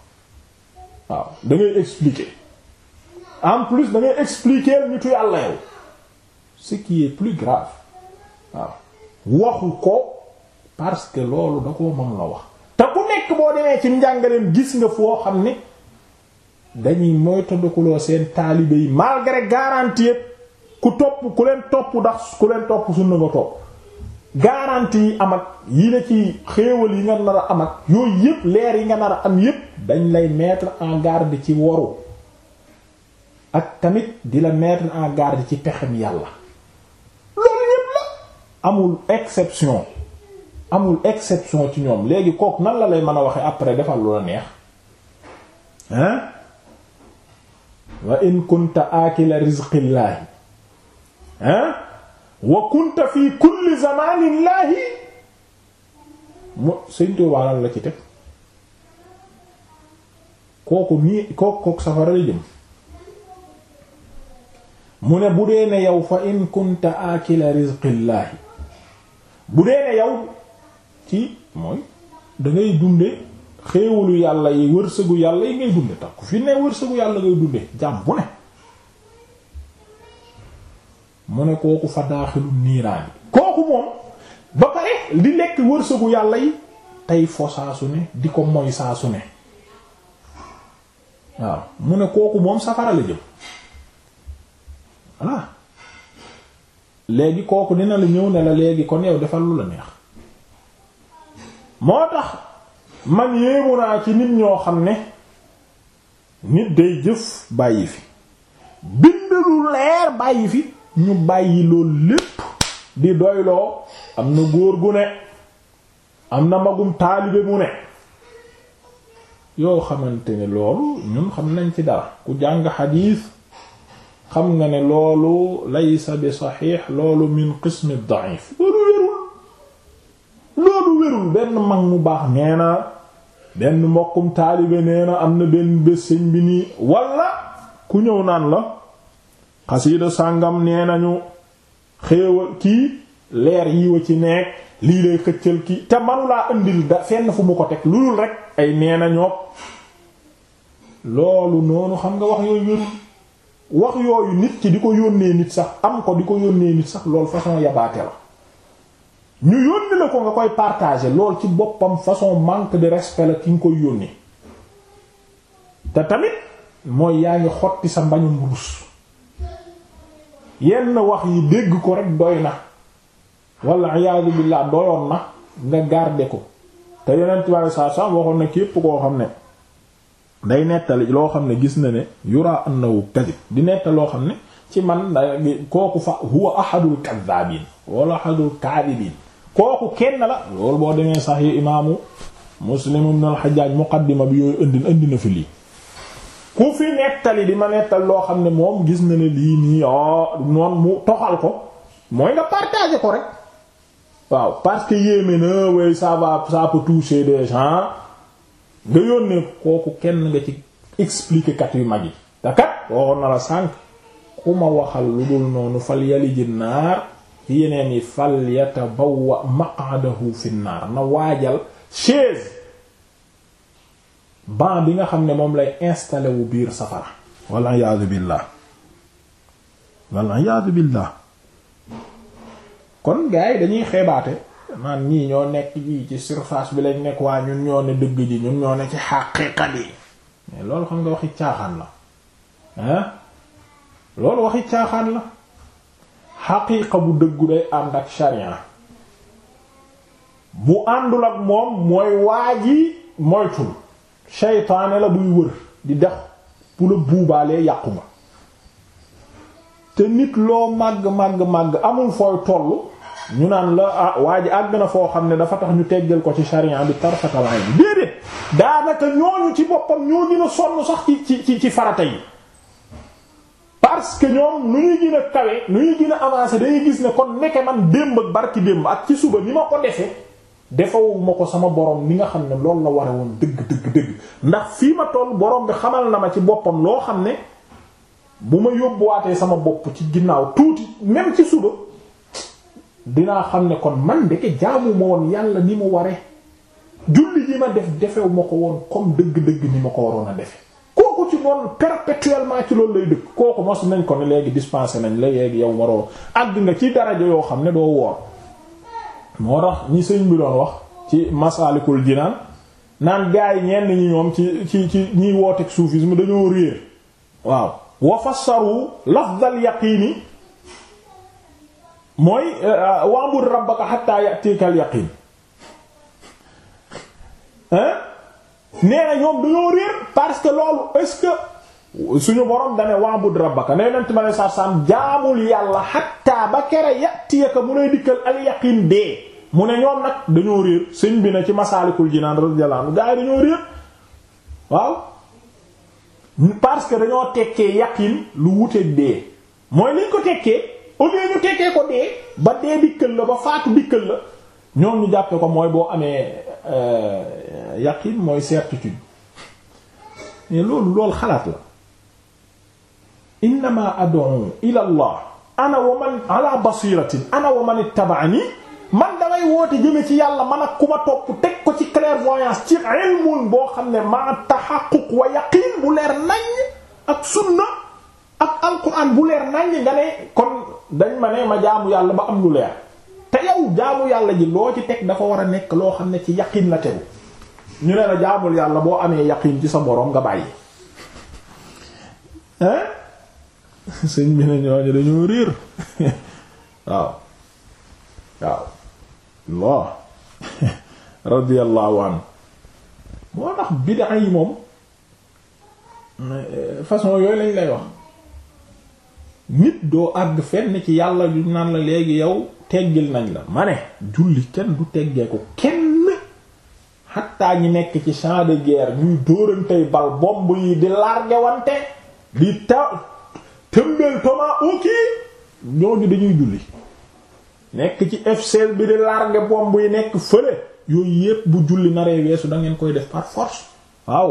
waaw da expliquer en plus da ngay expliquer nitu yàlla yow ce qui est plus grave waaw waxu ko parce que loolu da koo mën la wax te ku nekk boo demee ci njàngaleen gis nga foo xam ne dañuy moytandikuloo seen taalibe yi malgré garantie ku topp ku leen topp ndax ku leen topp sunna nga topp garantie yi am ak yi la ci xéewal yi nga nar a am ak yooyu yépp leer yi nga nar a am yépp dañ lay mettre en garde ci woru ak tamit di la mettre en garde ci pexem yàlla loolu yépp la amul exception amul exception ci ñoom léegi kook nan la lay mën a waxe après defal lu la neex wa in kunta aakila rizqillaahi ah wa kunta fi kulli zamanillaahi mu sëñ Tuubaa lan la ci teg kooku nii kooku kooku safara la jëm mu ne bu dee ne yow fa in kunta aakila rizqillaahi bu dee ne yow ci mooy dangay dunde xéewalu yàlla yi wërsëgu yàlla yi ngay dunde tax ku ne wërsëgu yàlla ngay dunde jàmm bu ne mu ne kooku fa daaxilu niiraan yi kooku moom ba pare di lekk wërsëgu yàlla yi tey fo saa ne di ko moy saa ne waaw mu ne kooku moom safara la jëm léegi kooku dina la ñëw ne la léegi kon yow defal lu la neex moo tax man yéemu naa ci nit ñoo xam ne nit day jëf bàyyi fi bind lu leer bàyyi fi ñu bàyyi loolu lépp di doyloo am na góor gu ne am na magum taalibe mu ne yoo xamante ne loolu ñun xam nañ ci dara ku jàng xadiis xam nga ne loolu laysa bi saxiix loolu min qismi daif loolu wérul benn mag mu baax nee na benn mbokkum taalibe nee na am na benn bés bi nii walla ku ñëw naan la xasiida sàngam nee nañu xéewal kii leer yiwa ci nekk lii lay xëccal kii te manulaa indil da fenn fu mu ko teg lu dul rek ay nee na ñoom loolu noonu xam nga wax yooyu wérul wax yooyu nit ki di ko yónnee nit sax am ko di ko yónnee nit sax loolu façon yabaate la ñu yónni la ko nga koy partager lool ci boppam façon manque de respect la ki ñu koy yónni te tamit mooy yaa ngi xotti sa mbañu mbuus yenn wax yi dégg ko rek doy na walla iyaadu billaah doyoon na nga garder ko te yonent bi saa saa waxoon na képp koo xam ne day nettali loo xam ne gis na ne yura annahu kadhib di nettal loo xam ne ci man kooku fa huwa ahadul kadhabin wala ahadul kadhibin kooku kenn la loolu boo demee Sahih imaamu Muslim ibn al-Hajjaj muqaddima bi yooyu indi indi na fi lii ku fi nettali di ma nettali loo xam ne moom gis na ne lii nii ah noonu mu toxal ko mooy nga partager ko rek waaw parce que yéeme na way ça va toucher des gens nga yónnee kooku kenn nga ci expliquer kat yu mag yi. te kat waxoon na la sànq ku ma waxal lu dul noonu fal yali ji naar. ci yeneen yi fal yatabawwa maq'adahu fi naar na waajal chaise ban bi nga xam ne moom lay installé wu biir safara walla iyaadu billaah walla iyaadu billaah kon gars yi dañuy xeebaate man ñii ñoo nekk ji ci surface bi lañ nekk waa ñun ñoo ne dëgg ji ñun ñoo ne ci xaqiqa bi loolu xam nga waxi caaxaan la loolu waxi caaxaan la xaqiiqa bu dëggu day ànd ak sharia bu àndul ak moom mooy waaji moytul seytaane la buy wër di dex bu la buubaalee yàqu nga te nit loo màgg màgg màgg amul fooy tollu ñu naan la a ah, waaj ji àgg na foo xam ne dafa tax ñu teggal ko ci sharia bi tarfatalaay bi déedéet daanaka ñooñu ci boppam ñoo dina sonn sax ci ci ci farata yi parce que ñoom nu ñuy gën a kawe nu ñuy gën a avancer dañuy gis ne kon nekke man démb barki démb ak ci suba ni ma ko defee defewuma ko sama borom mi nga xam ne loolu la ware woon dëgg dëgg dëgg ndax fii ma toll borom bi xamal na ma ci boppam loo xam ne bu ma yóbbu yóbbuwaatee sama bopp ci ginnaaw tuuti même ci suba dinaa xam ne kon man ndeke jaamu ma woon yàlla ni mu ware julli ji ma def defew ko woon comme dëgg-dëgg ni ma ko waroon a defe kooku ci noonu perpétuellement ci loolu lay dëkk kooku mos nañ ko ne léegi dispensé nañ la léegi yow waroo àgg nga ci daraja yoo xam ne doo woor moo tax ñi sëñ bi doon wax ci masaalikul jinaan naan gaa yi ñenn ñi ñoom ci ci ci ñiy wooteeg soufisme dañoo réer waaw wa fassaru lafdal yaqiini mooy eh, wa'bud rabbaka hatta ya'tikal yaqiin hein nee na ñoom dañoo réer parce que loolu est que suñu borom dane wa'bud rabbaka nee nañ ci ma ne sax sànq yàlla hatta ba kere ya'tiyaka mu lay dikkal al yaqin dee mu ne ñoom nag dañoo réer sëñ bi na ci masaalikul jinaan radiyallahu gaa dañoo réer waaw parce que dañoo tekkee yaqin lu wute dee mooy liñ ko tekkee au lieu ñu tekkee ko dee ba dee dikkal la ba faatu dikkal la ñoom ñu jàppe ko mooy boo amee. Euh, yaqin mooy certitude mais loolu loolu xalaat la innama ad'u ila allah ana wa man ala basiratin ana wa man ittaba'ani man damay woote jëme ci yàlla man ak ku ma topp teg ko ci clairvoyance ci ilmun boo xam ne ma tahaqquq wa yaqin bu leer naññ ak sunna ak alquran bu leer naññ nga ne kon dañ ma ne ma jaamu yàlla ba am lu leer te yow jaamu yàlla ji loo ci teg dafa war a nekk loo xam ne ci yaqin la tegu ñu ne la jaamul yàlla boo amee yaqin ci sa borom nga bàyyi sëñ bi ne ñooñu dañoo réer waaw waaw Allah radiyallahu anhu moo tax bid'a yi moom façon yooyu lañ lay wax nit doo àgg fenn ci yàlla yu naan la léegi yow teggil nañ la mane ne julli kenn du teggee ko kenn xattaa ñi nekk ci champ de guerre ñuy dóorantey bal bomb yi di largewante di ta tëmbeel toma uki ñooñu dañuy julli nekk ci FCL bi di largue bomb yi nekk fële yooyu yépp bu julli na weesu da ngeen koy def par force waaw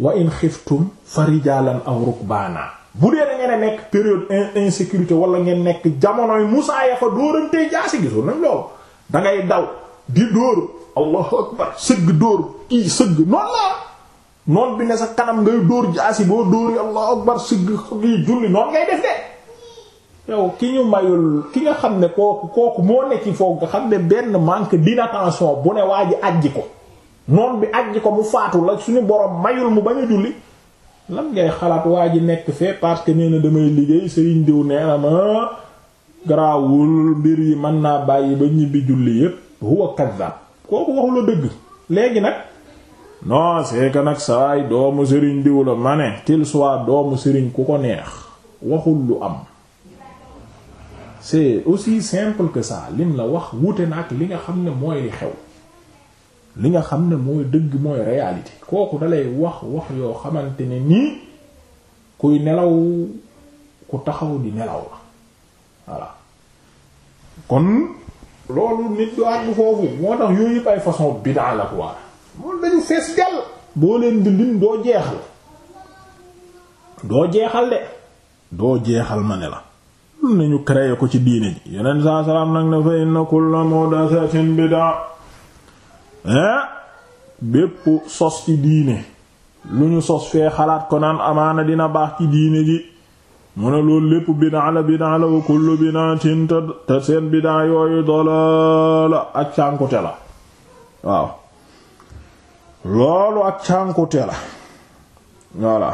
wa in xiftum fa aw rukbaana bu dee da a nekk période insécurité wala ngeen nekk jamonoy Musaa ya fa dóorantey jaasi gisoon nañ loolu da ngay daw di dóor allahu akbar sëgg dóor kii sëgg noonu la noon bi ne sa kanam ngay dóor jaasi boo dóori allahu akbar sëgg kii julli noonu ngay def de yow ki ñu mayul ki nga xam ne kooku kooku moo ne ci foofu nga xam ne benn manque d'inattention bu ne waaj ji ko noon bi ajji ko mu faatu la suñu borom mayul mu ba a julli lan ngay xalaat waa ji nekk fee parce que nee na damay liggéey sëriñ diw nee na ma garaawul mbir yi mën naa bàyyi ba ñibbi julli yépp huwa kaddaab kooku waxu la dëgg léegi nag non c'est que nag saay doomu sëriñ diw la ma ne qu'il soit doomu sëriñ ku ko neex waxul lu am c'est aussi simple que saa lim la wax wuute na ak li nga xam ne mooy xew li nga xam ne mooy dëgg mooy réalité kooku dalay wax wax yoo xamante ne nii kuy nelaw ku taxaw di nelaw la voilà kon loolu nit du àgg foofu moo tax yooyu yëpp ay façon bid'a la quoi moom dañu fees boo leen di lim doo jeexal doo jeexal de doo jeexal ma ne la lu nañu créer ko ci diine ji yeneen saa salaam nag na fa inna kullu muhdathatin bid'a ah bépp sos ci diine lu ñu sos fee xalaat ko naan amaana dina baax ci diine ji mu ne loolu lépp bidaa la bidaa la wa kullu bidaatin te seen bidaa yooyu dalaala ak cànkute la waaw loolu ak cànkute la voilà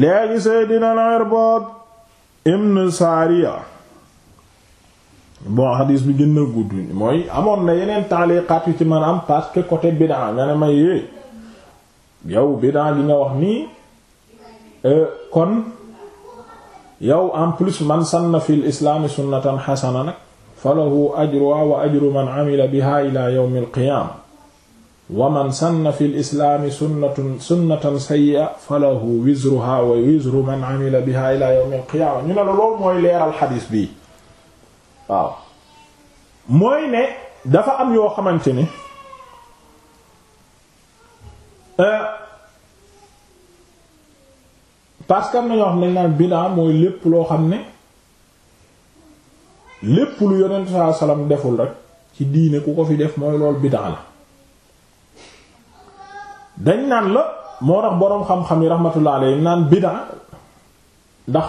léegi Seydina al-Irbaad ibn Saariya bon hadis bi gën na gudd mooy amoon na yeneen taaliqaat yu ci am parce que côté bidaa nga ne may bidaa gi nga wax nii euh, kon yow en plus man sanna fil islaami sunnatan xasana nag falahu ajruha wa ajru man amila biha ila yawmil qiyaama wa man sanna fil islaami sunnatan sunnatan sayyi'a falahu wizruha wa wizru man amila biha ila yawmil qiyaama ñu ne la loolu mooy leeral bi waaw mooy ne dafa am yoo xamante ni euh, parce am na ñoo xam ne naan bidaa mooy lépp loo xam ne lépp lu yonent saa salaam deful rek ci diine ku ko fi def mooy loolu bidaa la dañ naan la moo tax boroom xam-xam yi rahmatullah alayhi naan bidaa ndax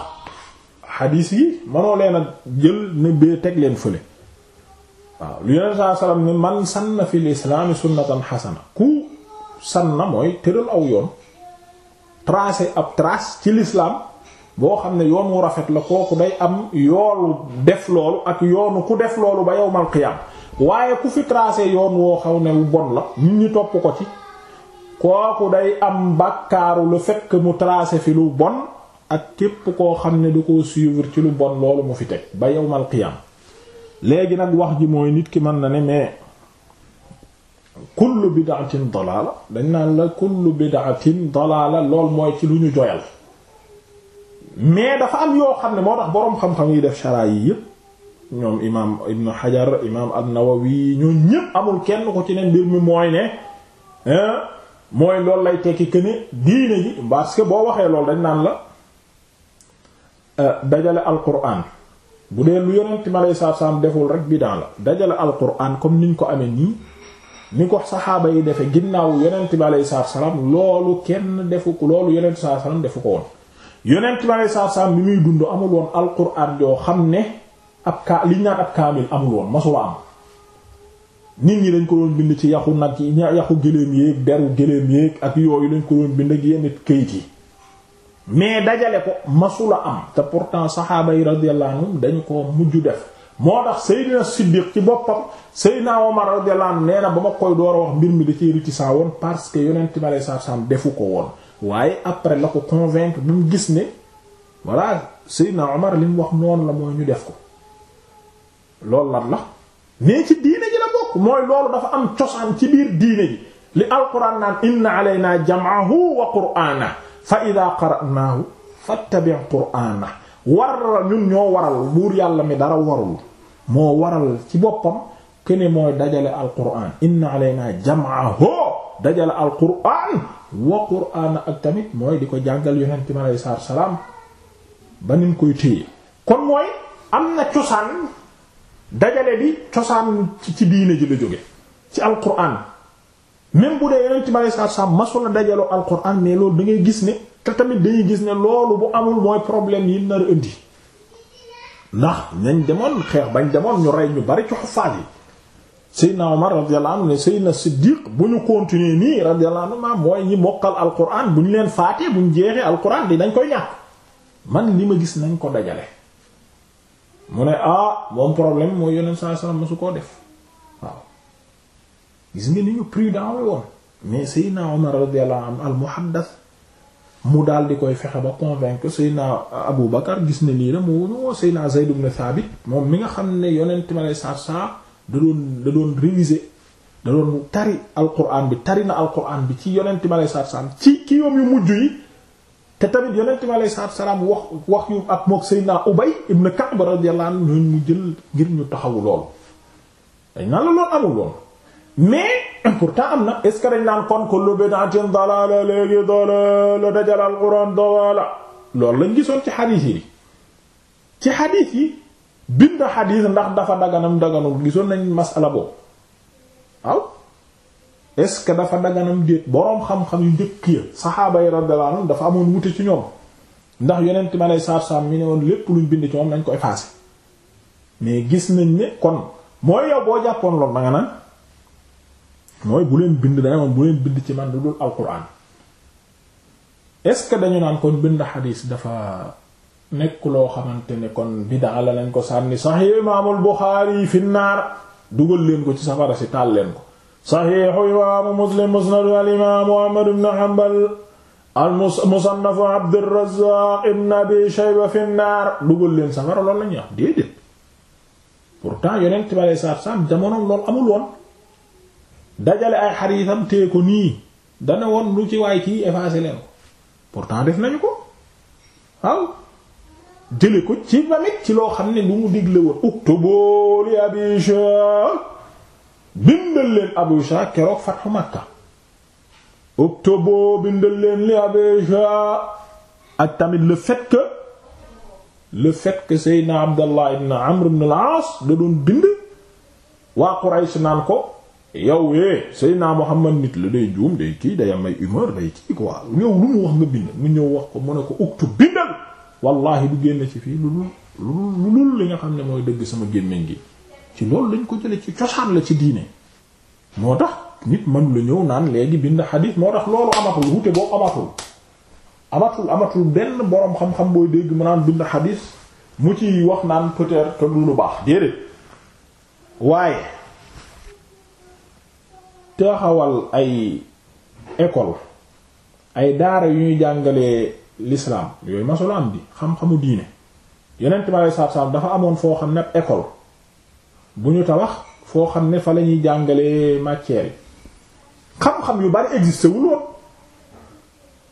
xadiis yi manoo leen a jël ne bee teg leen fële waaw lu yeneen saa salaam ni man sanna fil islaami sunnatan xasana ku sanna mooy tëral aw yoon tracé ab trace ci lislaam boo xam ne yoon wu rafet la kooku day am yoolu def loolu ak yoonu ku def loolu ba yowmal qiyaam waaye ku fi tracé yoon woo xaw ne wu bon la nit ñi topp ko ci kooku day am bàkkaaru le fait mu tracé fi lu bon ak képp koo xam ne du ko suivre ci lu bon loolu mu fi teg ba yawmal qiyam léegi nag wax ji mooy nit ki mën na ne mais kullu bid'atin dalaala dañ naan la kullu bid'atin dalaala lool mooy ci lu ñu joyal mais dafa am yoo xam ne moo tax boroom xam-xam yi def sharaa yi yépp ñoom imaam Ibn Hajar imaam an-Nawawi ñoo ñépp amul kenn ko ci ne mbir mi mooy ne mooy loolu lay tekki que ne diine ji parce boo waxee loolu dañ naan la Euh, dajale alquran bu dee lu yonent mi aleyhi salaatu salaam deful rek bidaa la dajale alquran comme niñ ko amee nii ni ko saxaaba yi defe ginnaaw yonent mi aleyhi salaatu salaam loolu kenn defu ko loolu yonent salaatu defu ko woon yonent mi aleyhi salaatu salaam bi muy dund amul woon alquran yoo xam ne ab ka liñ naan kaamil amul woon masula am nit ñi dañ ko doon bind ci yaxu nag yi yaxu gëléem yéeg deru gëléem yéeg ak yooyu lañ ko doon bind ak yenn këyit yi mais dajale ko masula am te pourtant saxaaba yi radiyallahu anhum dañu ko mujj def moo tax Seydina Siddiq ci boppam Seydina Omar radiyallahu anhu ba ma koy door a wax mbir mi da cee réticent woon parce que yonent bi alayhi salaatu defu ko woon waaye après la ko convaincre bi mu gis ni voilà Seydina Omar li mu wax noonu la mooy ñu def ko loolu lan la mais ci diine ji la bokk mooy loolu dafa am cosaan ci biir diine ji li alquran naan inna alayna jam'ahu wa qur'ana fa ida qara'naahu fattabi' qur'ana war ñun ñoo waral buur yàlla mi dara warul moo waral ci boppam kene mooy dajale alqur'an inna alaynaa jam'ahu dajale alqur'an wa qur'ana ak tamit mooy di ko jàngal yonent mi alayhi salaam ba niñ koy téye kon mooy am na cosaan dajale bi cosaan ci diine ji la jóge ci alqur'an même bu dee yonent bi alayhi salaatu salaam masul a dajaloo alquran mais loolu da ngay gis ne te tamit dañuy gis ne loolu bu amul mooy problème yi nar a indi ndax nañ demoon xeex bañ demoon ñu rey ñu bari ci xuffaat yi Seydina Omar radiyallahu anhu ne Seydina Siddiq bu ñu continuer nii radiyallahu anhu mooy ñi mokkal alquran bu ñu leen faatee bu ñu jeexee alquran di dañ koy ñàkk man li ma gis nañ ko dajale mu ne ah moom problème mooy yonent sallallahu alayhi wasallam su koo def gis nga ni ñu prudent la woon mais Seydina Omar radiyallahu anhu daal di koy fexe ba convaincre Seydina Abu Bakar gis ne lii la mu woo Seydina moom mi nga xam ne yonent ma lay saa saa da doon da tari alquran bi tari na ci yonent ma lay saa saa ci te tamit yonent bi alayhi salaatu salaam wax wax yu ak mook Seydina Ubay ibn Ka'b radiyallahu jël ngir ñu taxawu lool dañ la loolu amul mais important am na est ce que dañ naan kon kullu bid'atin dalaala léegi dalaala dajal alquran dalaala loolu lañ gisoon ci xadiis yi ci xadiis yi bind xadiis ndax dafa daganam daganul gisoon nañ masala boobu waaw est ce que dafa daganam déet boroom xam-xam yu njëkk ya saxaaba yi radiyallahu anhum dafa amoon wute ci ñoom ndax yonent ma lay saar-saam mi ne woon lépp luñ bind ci moom nañ ko effacé mais gis nañ ne kon mooy yow boo jàppoon loolu da naan mooy bu bind day moom bu bind ci man lu dul alquran est-ce que dañu naan kon bind xadiis dafa nekk loo xamante ne kon bid'a la lañ ko sànni saxiix imaamul Buxaari fi naar dugal leen ko ci safara si taal leen ko saxiixu imaamu Muslim musnadu al imaamu Ahmad ibn Hanbal al musannafu Abdurrazaaq ibn Abi Shayba fi naar dugal leen safara loolu lañuy wax déedéet pourtant yonent bi amul woon dajale ay xaritam tee ko nii dana woon lu ci waay kii effacé leen ko pourtant def nañu ko waaw jële ko ci tamit ci loo xam ne lu mu digle woon uktubu li Abi bindal leen Abu Shah keroog Fathu Makka uktubu bindal leen li Abi Shah ak tamit le fait que le fait que Seydina Abdallah ibn Amr ibn al-As da bind waa Quraysh naan ko yow eh Seydina Muhammad nit la day juum day kii day am ay humeur day kii quoi yow lu mu wax nga bind mu ñëw wax ko mu ne ko uktub bindal wallahi du génn ci fii lu lu lu li nga xam ne mooy dëgg sama gémmiñ gi ci loolu lañ ko jële ci cosaan la ci diine moo tax nit man la ñëw naan léegi bind xadiis moo tax loolu amatul wute boobu amatul amatul amatul benn boroom xam-xam booy dégg mu naan bind xadiis mu ci wax naan peut-être que du lu baax déedéet taxawal ay école ay daara yu ñuy jàngalee l'islam yooyu masula am di xam-xamu diine yeneen ma alei satu salaam dafa amoon foo xam ne ab école bu ñu tabax foo xam ne fa la ñuy jàngalee matière yi xam-xam yu bari existé wul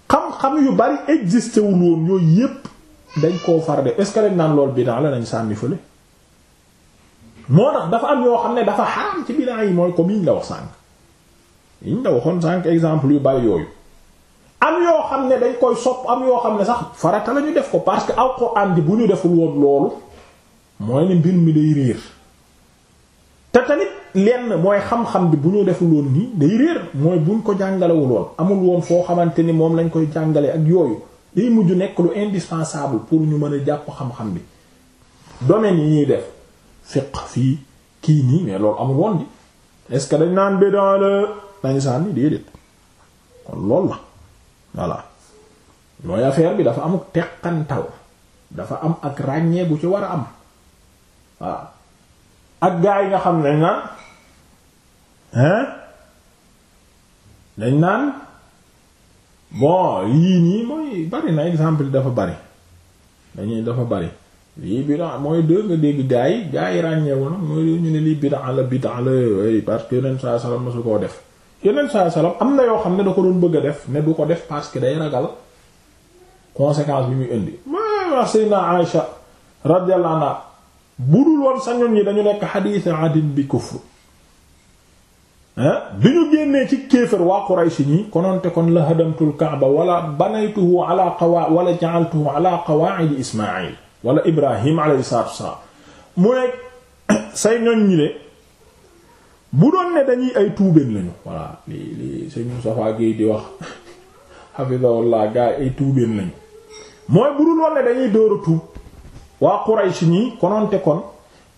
xam-xam yu bari existé wul woon yooyu yépp dañ koo fara de est-ce que naan lool bidaa la nañ sànni fële moo tax dafa am yoo xam ne dafa xaram ci bidaa yi mooy comme yiñ la wax sànk yiñ la waxoon cinq exemple yu bari yooyu am yoo xam ne dañ koy sopp am yoo xam ne sax farata la ñu def ko parce que alxuraan andi bu ñu deful woon loolu mooy ne mbir mi day réer te tamit lenn mooy xam-xam bi bu ñu deful woon nii day réer mooy buñ ko jàngalewul woon amul woon foo xamante ni moom lañ koy jàngale ak yooyu day mujj nekk lu indispensable pour ñu mën a jàpp xam-xam bi domaine yi ñuy def fiq fii kii nii mais loolu amul woon di est dañ naan bédan nañ sànni déedéet kon lool la voilà mooy affaire bi dafa amuk teqantal dafa am ak ràññee bu ci war a am waaw ak gaa nga xam ne dañ naan hein dañ naan bon yii nii mooy bari na exemple dafa bari dañuy dafa bari lii bida mooy dégg nga dégg gaa yi gaa yi ràññee woon mooy ñu ne lii bida la bida la parce que yeneen saa salaam ma su koo def yeneen saa salaam am na yoo xam ne da ko doon bëgg a def ne du ko def parce que day ragal bi muy indi maa wax Seydina Aïcha radiyallahu anha bu dul woon sañoon yi dañu nekk xadiis adin bi kufru bi ñu génnee ci kéefër waa Quraysh ñi kononte kon la hadamtul kaaba wala banaytuhu ala qawa wala ja'altuhu ala qawaa'idi Ismaa'il wala Ibrahim alayhi salaatu wa salaam mu nekk say ñoñ ñi de bu doon ne dañuy ay tuubeen lañu voilà li li sëñ Moustapha Guèye di wax hafizahullah gaa yi ay tuubeen lañu mooy bu dul woon dañuy dóor a tuub waa Quraysh ñii kononte kon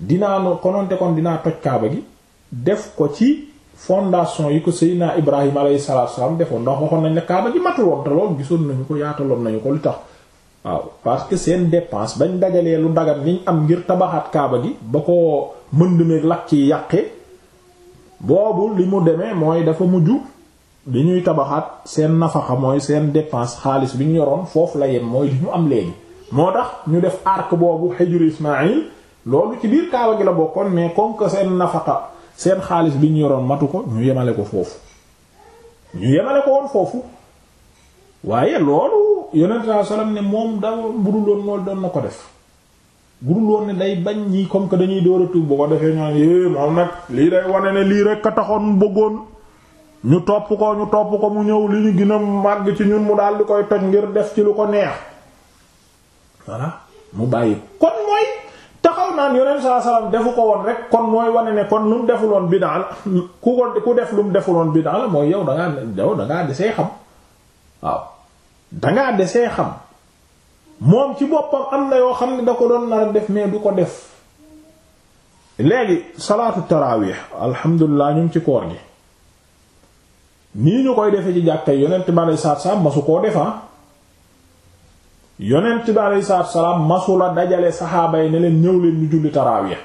dinaa kononte kon dinaa toj kaaba gi def ko ci fondation yi ko Seydina Ibrahim alayhi salaatu salaam defoon ndax waxoon nañ ne kaaba gi matuloon te lool gisoon nañu ko yaataloon nañu ko li tax waaw parce que seen dépense bañ dajalee lu dagat liñ am ngir tabaxaat kaaba gi ba ko mënd meeg lakk yi boobu li mu demee mooy dafa mujj li ñuy tabaxaat seen nafaxa mooy seen dépense xaalis bi ñu yoroon foofu la yem mooy li ñu am léegi moo tax ñu def arc boobu xejur Ismaïl loolu ci biir kaaba gi la bokkoon mais comme seen nafaxa seen xaalis bi ñu yoroon matu ko ñu yemale ko foofu ñu yemale ko woon foofu waaye loolu yonent sallam ne moom da budul woon loolu doon ko def bu dul woon ne day bañ ñi comme que dañuy door a tuub bu ko defee ñoo yé moom nag lii day wane ne lii rek a taxoon bëggoon ñu topp ko ñu topp ko mu ñëw li ñu gën a màgg ci ñun mu daal di koy toj ngir def ci lu ko neex voilà mu bàyyi kon mooy taxaw naan yonent saa salaam defu ko woon rek kon mooy wane ne kon lu mu defuloon bidaa la ku ko ku def lu mu defu defuloon bi daal mooy yow da ngaa yow da ngaa desee xam waaw da desee xam. moom ci boppam am na yoo xam ne da ko doon nar def mais du ko def léegi salaatu taraawix alhamdulilah ñu ngi ci koor gi nii ñu koy defee ci jàkka yonent bi aleyhi salaatu salaam masu koo defa ah. yonent bi aleyhi salaatu salaam masu la dajale saxaaba yi ne leen ñëw leen ñu julli taraawix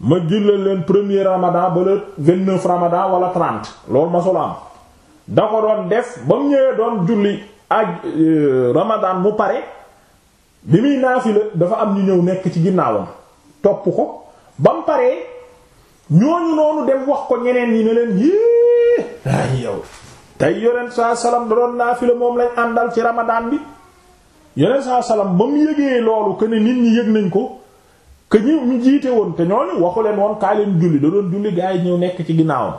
ma jullal leen premier ramadan ba le vingt-neuf ramadan wala trente loolu masu la am da ko doon def ba mu ñëwee doon julli ak euh, ramadaan mu pare bi muy naafila dafa am ñu ñëw nekk ci ginnaawam topp ko ba mu paree ñooñu noonu dem wax ko ñeneen ñi ne leen yii yow tey yonent saa salaam da doon naafila moom lañ àndal ci ramadaan bi yonent saa salaam ba mu yëgee loolu ko ne nit ñi yëg nañ ko que ñi mu jiite woon te ñoo ñooñu waxu leen woon kaay leen julli da doon julli gaa yi ñëw nekk ci ginnaawam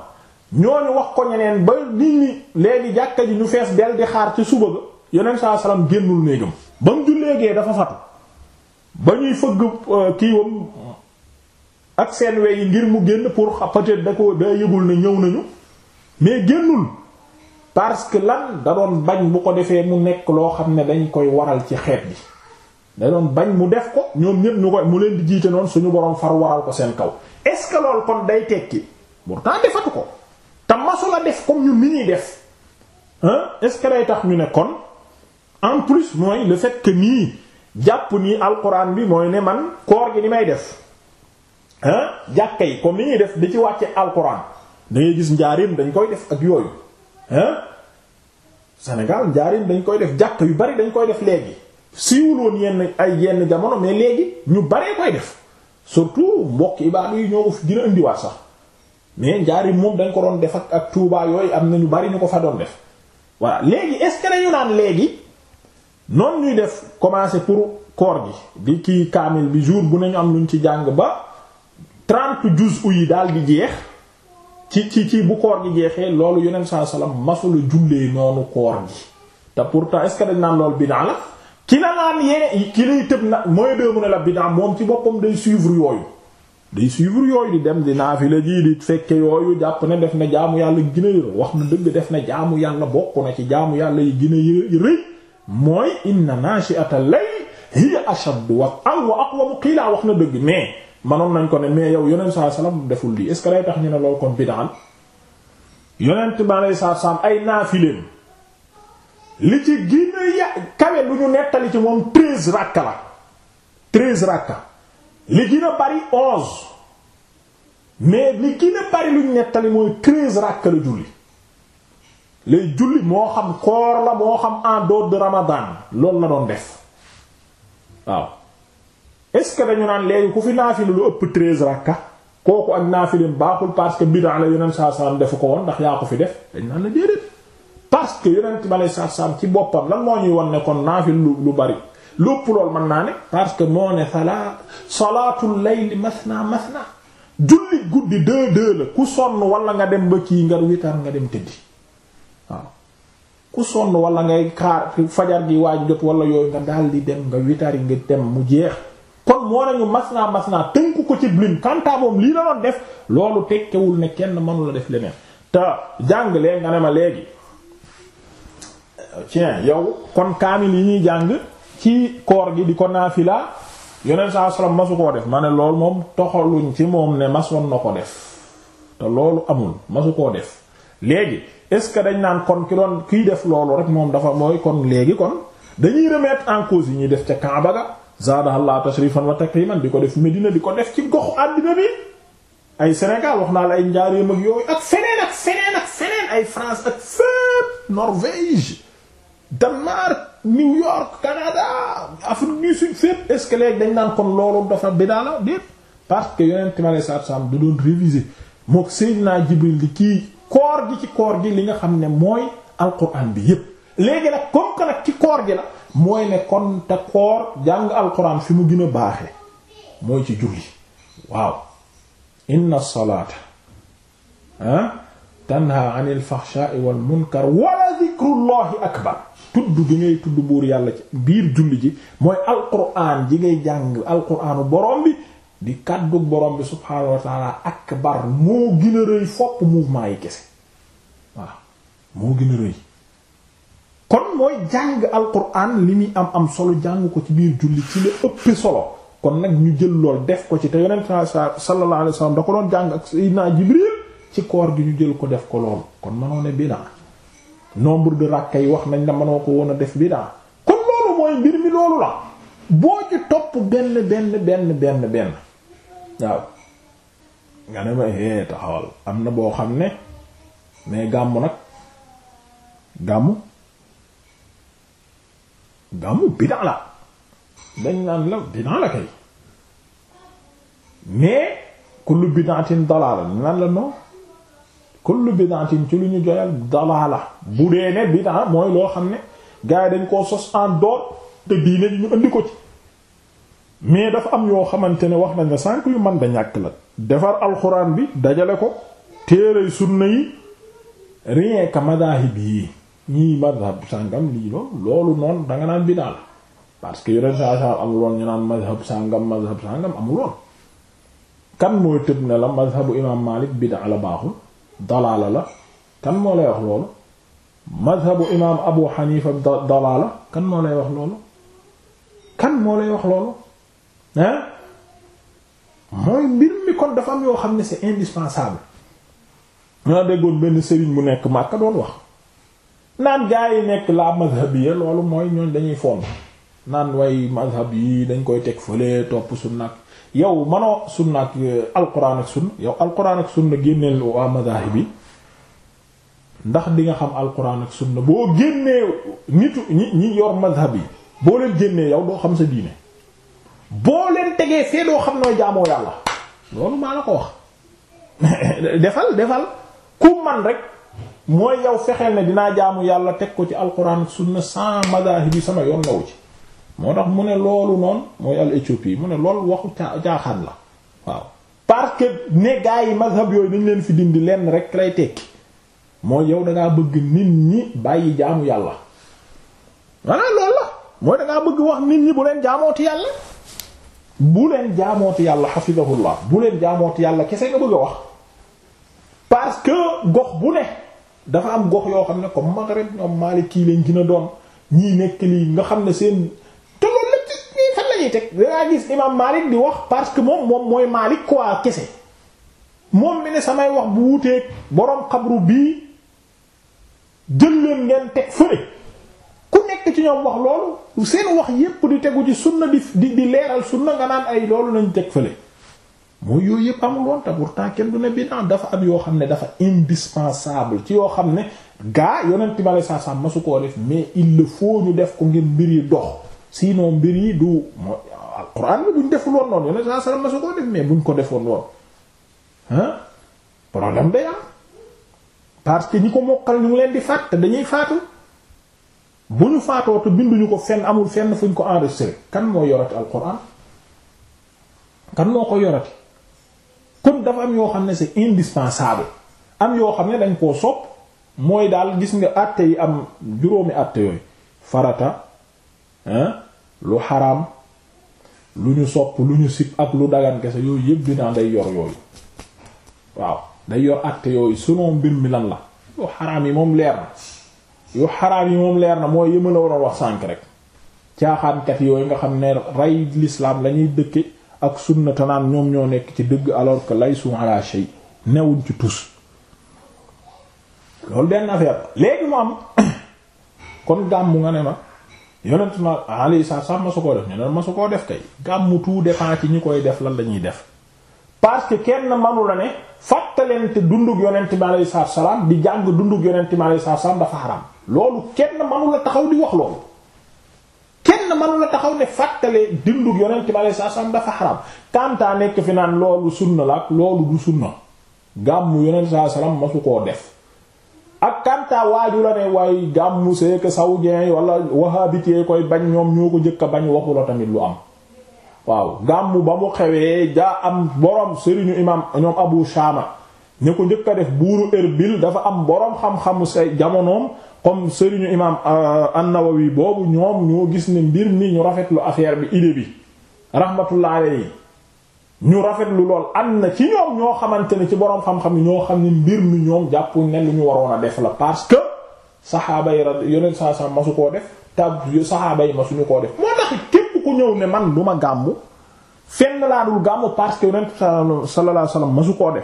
ñoo ñooñu wax ko ñeneen ba nit ñi léegi jàkka ji ñu fees del di xaar ci suba ga yonent saa salaam génnul néegam. ba mu jullee gee dafa fatu ba ñuy fëgg euh, kiiwam ak seen we yi ngir mu génn pour peut-être da ko da yëgul ne ñëw nañu mais génnul parce que lan da doon bañ bu ko defee mu nekk loo xam ne dañ koy waral ci xeet bi da doon bañ mu def ko ñoom ñépp ñu koy mu leen di jiite noonu suñu boroom far waral ko seen kaw est-ce que loolu kon day tekki pourtant defatu ko te masu la def comme ñu ni ñuy def hein est-ce que day tax ñu ne kon en plus mooy le fait que nii jàpp nii alquran bi mooy ne man koor gi ni may def ah yi comme ni ñuy def di ci wàcce alquran da gis njaarim dañ koy def ak yooyu ah Sénégal njaarim dañ koy def jàkk yu bari dañ koy def léegi siiwuloon yenn ay yenn jamono mais léegi ñu baree koy def surtout mbokk ibaadu yi ñoo ko fi gën a indiwaat sax mais njaarim moom dañ ko doon def ak ak Touba yooyu am na ñu bari ñu ko fa doon def voilà léegi est ce naan léegi. noonu ñuy def commencer pour koor gi di kii kaamil bi jour bu nañu am lu luñ ci jàng ba trente juz'u yi daal di jeex ci ci ci bu koor gi jeexee loolu yonent saa salaam masula jullee noonu koor gi te pourtant est-ce que dañ naan loolu bid'a la ki na naan yene ki lay tëb na mooy dee mu la bid'a moom ci boppam day suivre yooyu day suivre yooyu di dem di naafila ji di fekke yooyu jàpp na def na jaamu yàlla gën a wax na dëgg def na jaamu yàlla bokk ci jaamu yàlla yi mooy inna nashi'ata al-layl hiya ashaddu wat'an wa aqwamu qiila wax na dëgg mais manoon nañ ko ne mais yow yonent saa salaam deful lii est ce que lay tax ñu ne loolu kon bid'an yonent ba lay saa salaam ay naafileem li ci ginna ya kawe lu ñu nettali ci moom treize rakka la treize rakka li gën bari onze mais li gën bari lu ñu nettali mooy treize rakka la julli. lay julli moo xam koor moo xam en dehors de ramadan loolu la doon def waaw est-ce que dañu naan léegi ku fi naafila lu ëpp treize rakka kooku ak naafilim baaxul parce que bid'a la yonent saa defu ko woon ndax yaa ko fi def dañ naan la déedéet parce que yonent ma lay ci boppam lan moo ñuy won ne kon naafil lu lu bari lu ëpp loolu mën naa ne parce que moo ne sala salaatul layli masna masna julli guddi deux deux la ku sonn wala nga dem ba kii ngar witar nga dem tëddi waaw ku sonn walla ngay xaar fajar gi waaj jot wala yooyu nga daal di dem nga witari nga dem mu jeex kon moo nañu mas naa mas naa tënku ko ci blim kantaa moom lii la doon def loolu tekkewul ne kenn mënu def leneen te jànglee nga ne ma léegi tien yow kon kaamil yi ñuy jàng ci koor gi di ko naafila yoneen saa salaam masu koo def ma ne loolu moom toxaluñ ci moom ne masoon na ko def te loolu amul masu koo def léegi est-ce que dañ naan kon ki doon kiy def loolu rek moom dafa mooy kon léegi kon dañuy remettre en yi ñuy def ca Kaaba ga zaadahallahu tashrifan wa takriman di ko def Medina di ko def ci gox àddina bi ay Sénégal wax naa la ay njaareem ak yooyu ak feneen ak feneen ak feneen ay France ak fépp Norvège Danemark New York Canada ce que dañ naan kon loolu dafa bidaa la déet parce que yonent mi alei satu salaam du doon réviser mook Seydina Jibril di kii koor gi ci koor gi li nga xam ne mooy alquran bi yépp léegi nag comme que nag ci koor gi la mooy ne kon te koor jàng alquran fi mu gën a baaxe mooy ci julli waaw inna salaata ah tanha anil fahsha'i wal munkar wa dhikrullahi akbar tudd gi ngay tudd buur yàlla biir julli ji mooy alquran ji ngay jàng alquranu borom bi di kàddu borom bi subhaanahu wa taala akbar moo gën a rëy fopp mouvement yi kese voilà moo gën a rëy kon mooy jàng alquran li muy am am solo jàng ko ci biir julli ci la ëpp solo kon nag ñu jël lool def ko ci te yonent sallallahu alayhi wasallam da ko doon jàng ak sayyidina jibril ci koor gi ñu jël ko def ko lool kon mënoo ne bidaa nombre de rakka yi wax nañ la mënoo ko woon a def bidaa kon loolu mooy mbir mi loolu la boo ci topp benn benn benn waaw nga ne hee eh, taxawal am na boo xam ne mais gàmmu nag gàmmu gàmmu bidaa la dañ naan la bidaa la kay mais kullu bidaatin dalaala naan la non kullu bidaatin ci lu ñu joyal dalaala bu dee ne bidaa mooy loo xam ne gars yi dañ koo sos en dehors te diine ñu indi ko ci mais dafa am yoo xamante ne wax nañ ne sànq yu man da ñàkk la defar alxuraan bi dajale ko téere sunna yi rien que madahib yi ñii madhab sàngam lii la loolu noonu da nga naan bidaa la parce que yeneen saa saa amuloon ñu naan madhab sàngam madhab sàngam amuloon kan mooy tëb ne la madhabu imaam Maalik bidaa la baaxul dalaala la kan moo lay wax loolu madhabu imaam Abu Hanifa dalaala kan moo lay wax loolu kan moo lay wax loolu hein mooy mbir mi kon dafa am yoo xam ne c'est indispensable ñoo déggoon benn sëriñ bu nekk Makka doon wax naan gaa yi nekk la mazhabiya loolu mooy ñooñ dañuy fond naan way mazhab yi dañ koy teg fële topp sunna ak yow manoo sunna ak eh, alquran ak sunna yow alquran ak sunna génneel waa mazahib yi ndax di nga xam alquran ak sunna boo génnee nitu ñi ñi yor mazhab yi boo leen génnee yow doo xam sa diine boo leen tegee fee doo xam nooy jaamoo yàlla loolu maa la ko wax defal defal ku man rek mooy yow fexeel ne dinaa jaamu yàlla teg ko ci alquran sunna san madahib yi sama yoon nawu ci moo tax mu ne loolu noonu mooy al Éthiopie mu ne lool waxu caaxaan la waaw parce que ne gaa yi mazhab yooyu dañ leen fi dindi lenn rek lay tekki mooy yow dangaa bëgg nit ñi bàyyi jaamu yàlla voilà loolu la mooy dangaa bëgg wax nit ñi bu leen ti yàlla bu leen jaamooti yàlla xafidahullah bu leen jaamooti yàlla kese nga bëgg a wax parce que gox bu ne dafa am gox yoo xam ne comme Maghreb ñoom Maliki lañ gën a doon ñii nekk lii nga xam ne seen te loolu lépp ci ñii fan la teg dangaa gis imam Malik di wax parce que moom moom mooy Malik quoi kese moom mi ne samay wax bu wuteeg boroom xabru bii jël leen ngeen teg fële nekk ci ñoom wax loolu seen wax yépp di tegu ci sunna di di leeral sunna nga naan ay loolu nañ teg fële mooy yooyu yépp amul woon te pourtant kenn du ne bid'a dafa am yoo xam ne dafa indispensable ci yoo xam ne gaa yonent ma lay saa masu koo def mais il le faut ñu def ko ngir mbir yi dox sinon mbir yi du mooy alxuraan bi buñ deful woon noonu yonent saa saa masu koo def mais buñ ko defoon woon ah problème day am parce que ñi ko mokkal ñu ngi leen di dañuy faatu. bu ñu faatoo te binduñu ko fenn amul fenn fuñ ko enregistré kan moo yorati alquran kan moo ko yorati kon dafa am yoo xam ne c'est indispensable am yoo xam ne dañ koo sopp mooy daal gis nga àtte yi am juróomi àtte yooyu farata hein lu xaraam lu ñu sopp lu ñu sib ak lu dagan kese yooyu yëpp dinaa day yor yooyu waaw day yor àtte yooyu selon mbir mi lan la lu xaraam yi moom leer na yu xaraam yi moom leer na mooy yëma la waroon wax sànk rek caaxaankat yooyu nga xam ne rey lislaam la ñuy dëkke ak sunna tanaan ñoom ñoo nekk ci dëgg alors lay su ala shay newuñ ci tus loolu benn affaire léegi mu am kon gàmmu nga ne ma yonent ma alayhi salaam ma su koo def ñu ne ma su koo def kay gàmmu tout dépend ci ñi koy def lan la ñuy def parce que kenn manu la ne fàttalente dundug yonent bi alayhi salaam di jàng dundug yonent bi alayhi salaam dafa xaram taxaw di wax loolu taxaw kantaa nekk fi naan loolu sunna la ak loolu du sunna gàmmu yonent salaam masu koo def ak kantaa waaju la ne waaye gàmmu c'est que saoudien wala wahhabite koy bañ ñoom ñoo ko jëkk a bañ waxu la tamit lu am waaw gàmmu ba mu xewee jaa am borom sëriñu imam ñoom Abu Shama ñu ko njëkk def buuru Erbil dafa am boroom xam-xamu say jamonoom comme sëriñu imam euh, An-Nawawi boobu ñoom ñoo gis ne mbir ni ñu rafetlu affaire bi idée bi rahmatullah alayhi ñu rafetlu lool am na ci ñoom ñoo xamante ni ci boroom xam-xam yi ñoo xam ne mbir mi ñoom jàpp ne lu ñu waroon a def la parce que saxaaba yi yoneen saa saa masu koo def tab saxaaba yi masuñu koo def moo tax ku ñëw ne man du ma gàmmu fenn laa dul gàmmu parce que yonent sallallahu alayhi wasallam masu koo def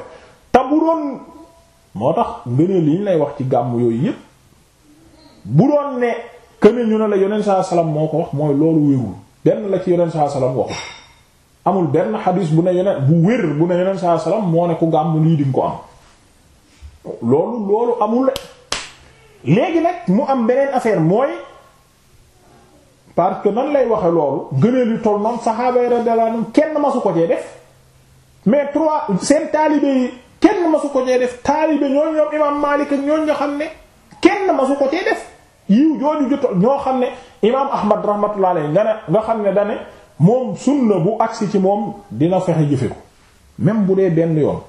te bu doon moo tax ngëneel yi ñu lay wax ci gàmmu yooyu yëpp bu doon ne këne ñu ne la yonent sallallahu alayhi moo ko wax mooy loolu wérul benn la ci yonent sallallahu alayhi wasallam amul benn xadis bu ne yonent bu wér bu ne yonent sallallahu alayhi moo ne ku gàmmu lii dinga ko am loolu loolu amul léegi nag mu am beneen affaire mooy parce que nan lay waxe loolu gëneel yu toll noonu saxaaba yi radiyallahu anhum kenn masu ko cee def mais trois seen taalibe yi kenn masu ko cee def taalibe ñooñu ñoom imaam Maalik ak nga xam ne kenn masu ko cee def yiw jooju jot ñoo xam ne imaam Ahmad rahmatullahi alayhi nga xam ne dane moom sunna bu agsi ci moom dina fexe jëfe ko même bu dee benn yoon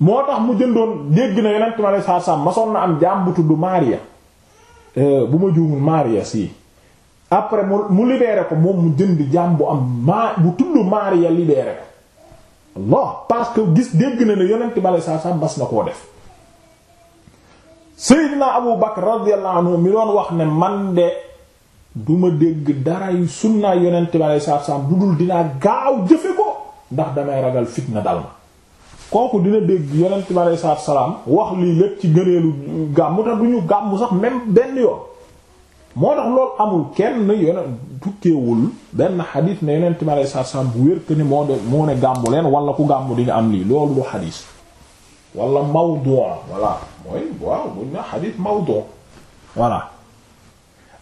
moo tax mu jëndoon dégg na yonent mi alayhi salaam masoon na am jaam bu tudd Maariya euh, bu ma juumul Maariya sii après mu mu libéré ko moom mu jënd jaam bu am maa bu tudd Maariya libéré ko Allah parce que gis dégg na ne yonent bi alei satu selaam bas na koo def Seydina Abu Bakr radiyallahu anhu mi doon wax ne man de duma dégg dara yu sunnaa yonent bi alei satu selaam du dul dinaa gaaw jëfe ko ndax damay ragal fitna dal ma kooku dina dégg yonent bi alei salaam wax lii lépp ci gëneelu gàmmu tax du ñu gàmmu sax même benn yoon moo tax loolu amul kenn yoneen tukkeewul benn xadis ne yonent mi alei satu salaam bu wér que ni moo moo ne gàmmu leen wala ku gàmmu di nga am lii loolu du xadis wala mawdu voilà voilà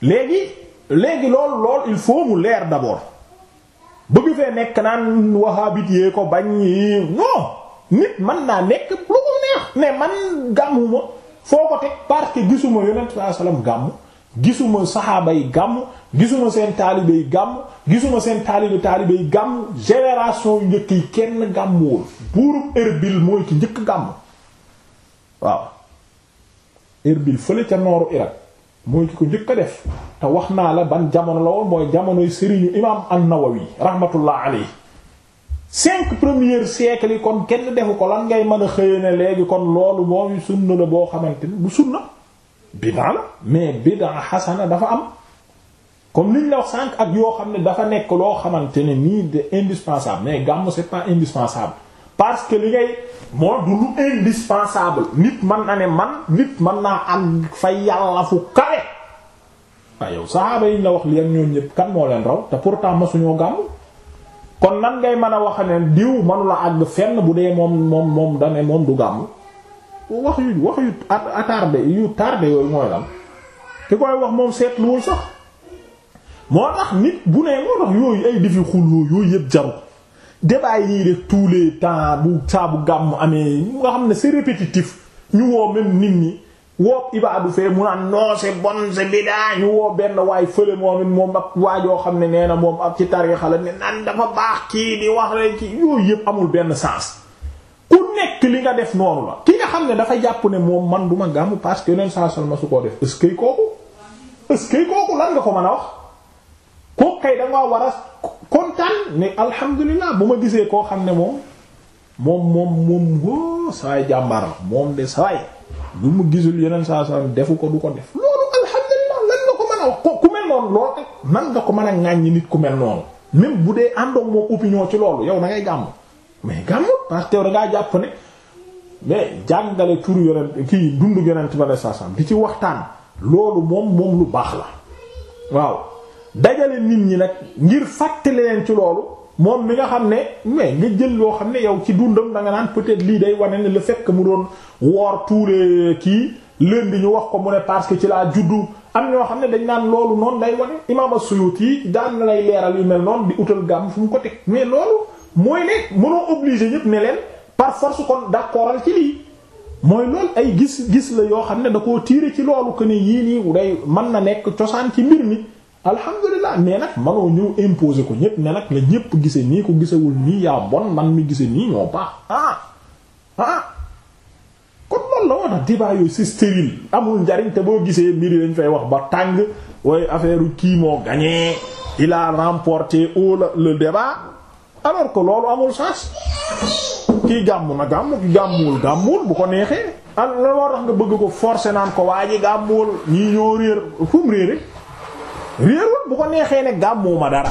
léegi léegi loolu lool il faut mu leer d'abord bëgg fee nekk naan wahabit yee ko bañ yi non nit man naa nekk lu ko neex ne man gàmmu ma foo ko teg parce que gisuma yonent salaam gàmmu gisuma saxaabay gàmm gisuma seen taalibe yi gàmm gisuma seen taalibe taalibe gàmm génération yu njëkk yi kenn gàmmuwul buurub Erbil mooy ci njëkk gàmm waaw Erbil fële ca nooru Irak mooy ki ko njëkk a def te wax naa la ban jamono la woon mooy jamonoy sëriñu imaam an-Nawawi rahmatullah alayhi cinq premiers siècles yi kon kenn defu ko lan ngay mën a xëye ne léegi kon loolu moom sunna la boo xamante ni bu sunna bid'a la mais bid'a xasana dafa am comme liñ la wax cinq ak yoo xam ne dafa nekk loo xamante ne nii de indispensable mais gàmm c'est pas indispensable parce que li ngay moo du lu indispensable nit man na ne man nit man naa am fa yàlla fu kawe waaye ah, yow saxaaba yi ñu la wax li ak ñoom ñëpp kan moo leen raw te pourtant masuñoo gàmm kon nan ngay mën a wax diw manula àgg fenn bu dee moom moom moom dane moom du gàmm wax yu wax yu attardé yu tardé yooyu mooy lan ki koy wax moom seetluwul sax moo tax nit bu nee moo tax yooyu ay difi xuloo yooyu yëpp jaru débat yi def tous les temps bu saabu gàmm amee nga xam ne c'est répétitif ñu woo même nit ñi woo ibaadu fee mu naan non c'est bon c'est bidaa woo benn waay fële moom it moom ak waajoo xam ne nee na moom ak ci tarixa la ne nan dafa baax kii di wax rek ci yooyu yëpp amul benn sens nekk li nga def noonu la ki nga xam ne dafa jàpp ne moom man du ma gàmm parce que yeneen saa ma su koo def est-ce que kooku est kooku lan nga ko man a wax kooku kay da ngaa war a kontaan ne alhamdulilah bu ma gisee koo xam ne moom moom moom moom wóo sawaay jàmbaar la moom de sawaay lu mu gisul yeneen saa defu ko du ko def loolu alhamdulilah lan nga ko mën a ku mel noonu loolu nan nga ko mën a ŋàññi nit ku mel noonu même bu dee àndoog moom opinion ci loolu yow da ngay gàmm mais gàmm parce que yow da jàpp ne mais jàngale tur yonent kii dundu yonent ba ne saasam di ci waxtaan loolu moom moom lu baax la waaw dajale nit ñi nag ngir fàtte leen ci loolu moom mi nga xam ne mais nga jël yoo xam ne yow ci dundam da nga naan peut-être lii day wane ne le fait que mu doon woor tuure kii lundi ñu wax ko mu ne parce que ci laa juddu am ñoo xam ne dañ naan loolu noonu day wane. imaam as-Suyuti daan na lay leeral yu mel noonu di utal gàmm fu mu ko teg mais loolu. mooy ne mënoo obligé ñëpp ne leen par force kon d'accordal ci lii mooy loolu ay gis gis la yoo xam ne da koo tiire ci loolu que ne yii nii day mën na nekk cosaan ci mbir mi alhamdulilah mais nag manoo ñëw imposer ko ñëpp ne nag la ñëpp gise nii ko gisewul nii yaa bon man mi gise nii ñoo baax ah ah kon loolu la woon a débat yooyu stérile amul njariñ te boo gisee mbir yi dañ fay wax ba tàng waaye affaire kii moo gagné il a haut le débat alors ko loolu amul sens kii gàmmu na gàmmu ki gàmmuwul gàmmuwul bu ko neexee al la war tax nga bëgg ko force naan ko waa ji gàmmuwul ñii ñoo réer fu mu réere réerul bu ko neexee ne gàmmuwuma dara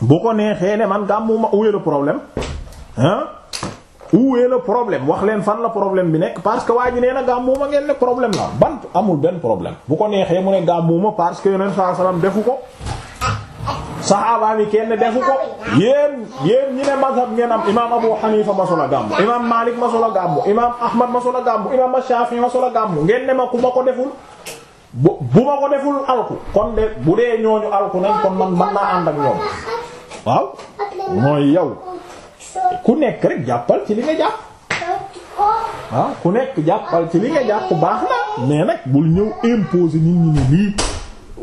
bu ko neexee ne man gàmmuwuma où est le problème hein où est le problème wax leen fan la problème bi nekk parce que waa ji nee na gàmmuwuma ngeen ne problème la ban amul benn problème bu ko neexee mu ne gàmmuwuma parce que yoneen saa salaam defu ko sax saxaaba yi kenn defu ko yéen yéen ñi ne mazhab ngeen am imaam Abu Hanifa masula gàmmu imaam Malik masula gàmmu imaam Ahmad masula gàmmu imaam Shafi'i masula gàmmu ngeen ne ma ku ma ko deful bu bu ma ko deful alku kon de bu dee ñooñu alku nañ kon man mën naa ànd ak ñoom waaw mooy yow ku nekk rek jàppal ci li nga jàpp waaw ku nekk jàppal ci li nga jàpp baax na mais nag bul ñëw imposer nit ñi ne lii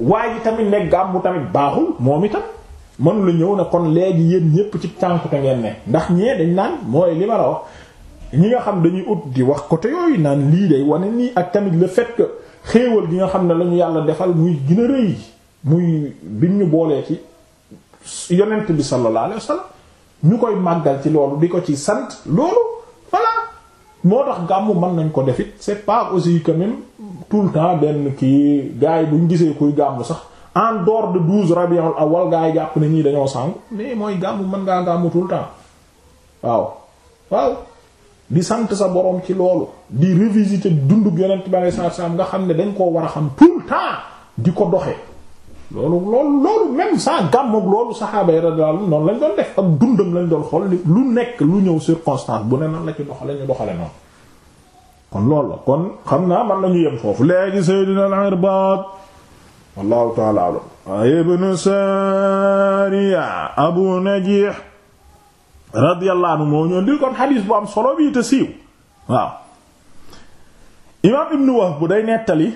waaye tamit ne gàmmu tamit baaxul moom itam mënu la ñëw ne kon léegi yéen ñépp ci cànkute ngeen ne ndax ñee dañ naan mooy li ma la wax ñi nga xam dañuy ut di wax côté yooyu naan lii de wane nii ak tamit le fait xéewal gi nga xam ne la ñu yàlla defal muy gën a rëy muy bi ñu boolee ci yonent bi sallallahu alayhi wasallam ñu koy màggal ci loolu di ko ci sant loolu voilà moo tax gàmmu mën nañ ko defit c'est pas aussi quand même tout le temps benn kii gars yi buñ gisee kuy gàmm sax en dehors de douze rabiul awal gars yi jàpp ne ñii dañoo sàngu mais mooy gàmm mën ngaa gàmm tout le temps waaw waaw di sant sa borom ci loolu di révisité dundug yonent bi alayhi salaatu salaam nga xam ne dañ koo war a xam tout le temps di ko doxe loolu loolu loolu même sans gàmmoog loolu saxaaba yi radiyallahu noonu lañ doon def ak dundam lañ doon xool lu nekk lu ñëw circonstance bu ne nan la ci doxale ñu doxale noonu kon loolu la kon xam naa mën nañu yem foofu léegi Seydina al-Irbaad wallahu ta'ala a'lam ibnu Saariya Abu Najiih radiyallahu anhu moo ñoon di kon xadiis bu am solo bi te siiw waaw imaam ibnu Wahb bu day nettali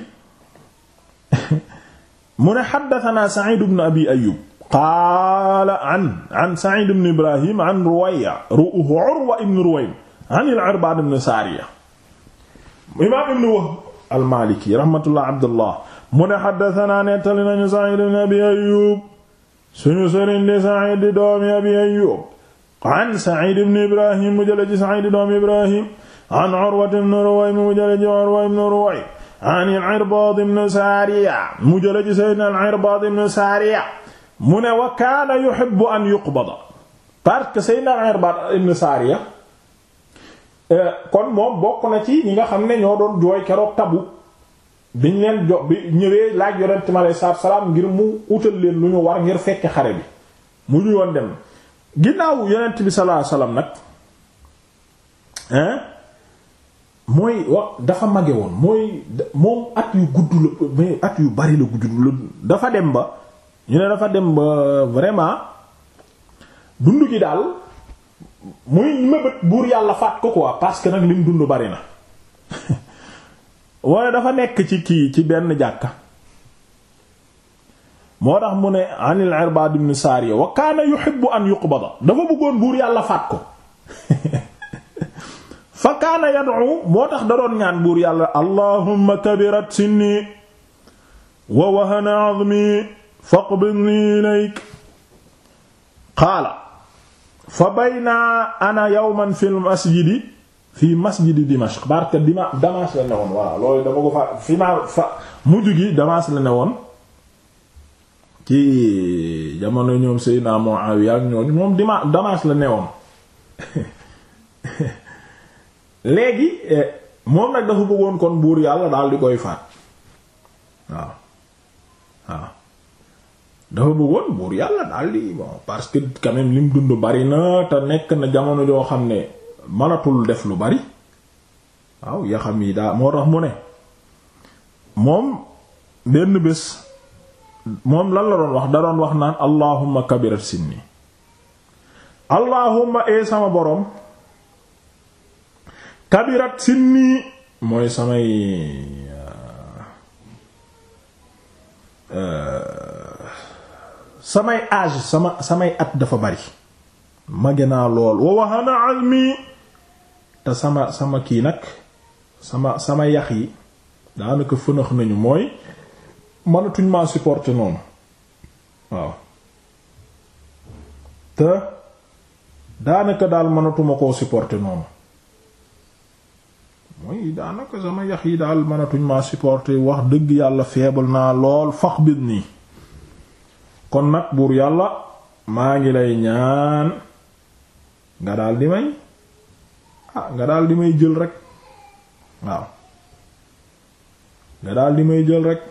mu ne xaddatanaa Sa'iid ibnu Abi Ayyuub qaala an an Sa'iid ibnu Ibraahiim an Ruwayya Urwa ibnu Ruwaym an al-Irbaad ibnu Saariya imaam ibn Wahb al-Maliki rahmatullah abdullah mu ne xaddatanaa nettali nañu Sa'id ibn Abi Ayyub suñu sëriñ di Sa'id di doomi Abi Ayyub an Sa'id ibn Ibrahim mu jële ci Sa'id di doomi Ibrahim an Urwa ibn Ruway mu jële ci Urwa ibn Ruway an al-Irbaad ibn Saariya mu jële ci Sayyidina al-Irbaad ibn Saariya mu ne wa kaana yuhibbu an yuqbada parce que Sayyidina al-Irbaad ibn Saariya Euh, kon moom bokk na ci ñi nga xam ne ñoo doon jooy keroog tabu biñ leen jo bi ñëwee laaj yonent mi aleyhi salaatu salaam ngir mu utal leen lu ñu war ngir fekke xare bi mu ñu yoon dem ginnaaw yonent bi salaa alayhi nag hein mooy dafa mage woon mooy moom at yu gudd la mais at yu bari la gudd la dafa dem ba ñu ne dafa dem ba vraiment dund gi daal muy mébét buur yàlla faat ko quoi parce que nag lim dund bari na wala dafa nekk ci kii ci benn jàkka moo tax mu ne anil Irbad ibn Sariya wa kaana yuhibbu an yuqbada dafa bëggoon buur yàlla faat ko fa kaana yad'u moo tax da doon ñaan buur yàlla allahumma kabirat sinni wa wahana azmi faqbidni ilayk qaala fa bayna ana yawman fil masjidi fii masjidi Dimashq barka dima Damas la ne woon voilà loolu dama ko fa fi ma fa mujj gi Damas la ne woon ci jamono ñoom Seydina Muawiya ak ñooñu moom dima Damas la ne woon léegi eh, moom nag dafa bëggoon kon buur yàlla daal di koy faat waaw waaw dafa bëggoon buur yàlla daal di bon parce que quand lim dund bari na te nekk na jamono yoo xam ne manatul def lu bari waaw ya xam yi daa moo tax mu ne moom benn bés moom lan la doon wax da doon wax naan allahumma kabirat sinni allahumma ee eh sama borom kabirat sinni mooy samay euh, euh, samay âge sama samay at dafa bari mage naa lool wa wahana azmi te sama sama kii nag sama sama yax yi daanaka fënax nañu mooy mënatuñ maa supporter noonu waaw te daanaka daal mënatuma koo supporter noonu mooy daanaka sama yax yi daal mënatuñ maa supporter wax dëgg yàlla feebal naa lool fax bit nii kon nag buur yàlla maa ngi lay ñaan nga daal di may ah nga daal di may jël rek waaw nga daal di may jël rek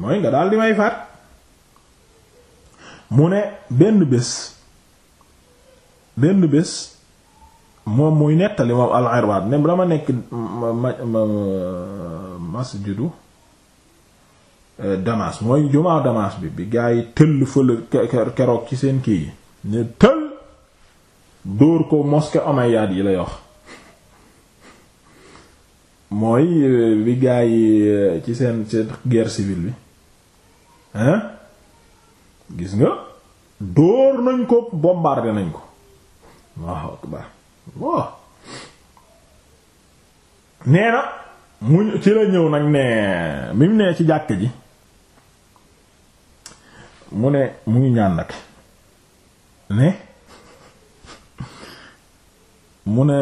mooy nga daal di may faat mu ne benn bés benn bés moom muy nettali moom al ne dama nekk ma ma masjidu Euh, Damas mooy jumaa Damas bi bi gaa yi tëll fële keroog ci seen kii yi ne tëll dóor ko mosquée Omeyyade yi lay wax mooy euh, bi gaa yi euh, ci seen seen guerre bi hein gis nga dóor nañ ko bombardé nañ ko waaw akbar waaw nee na mu ci la ñëw nag ne mi mu nee ci jàkk ji mu ne mu ngi ñaan nag ne mu ne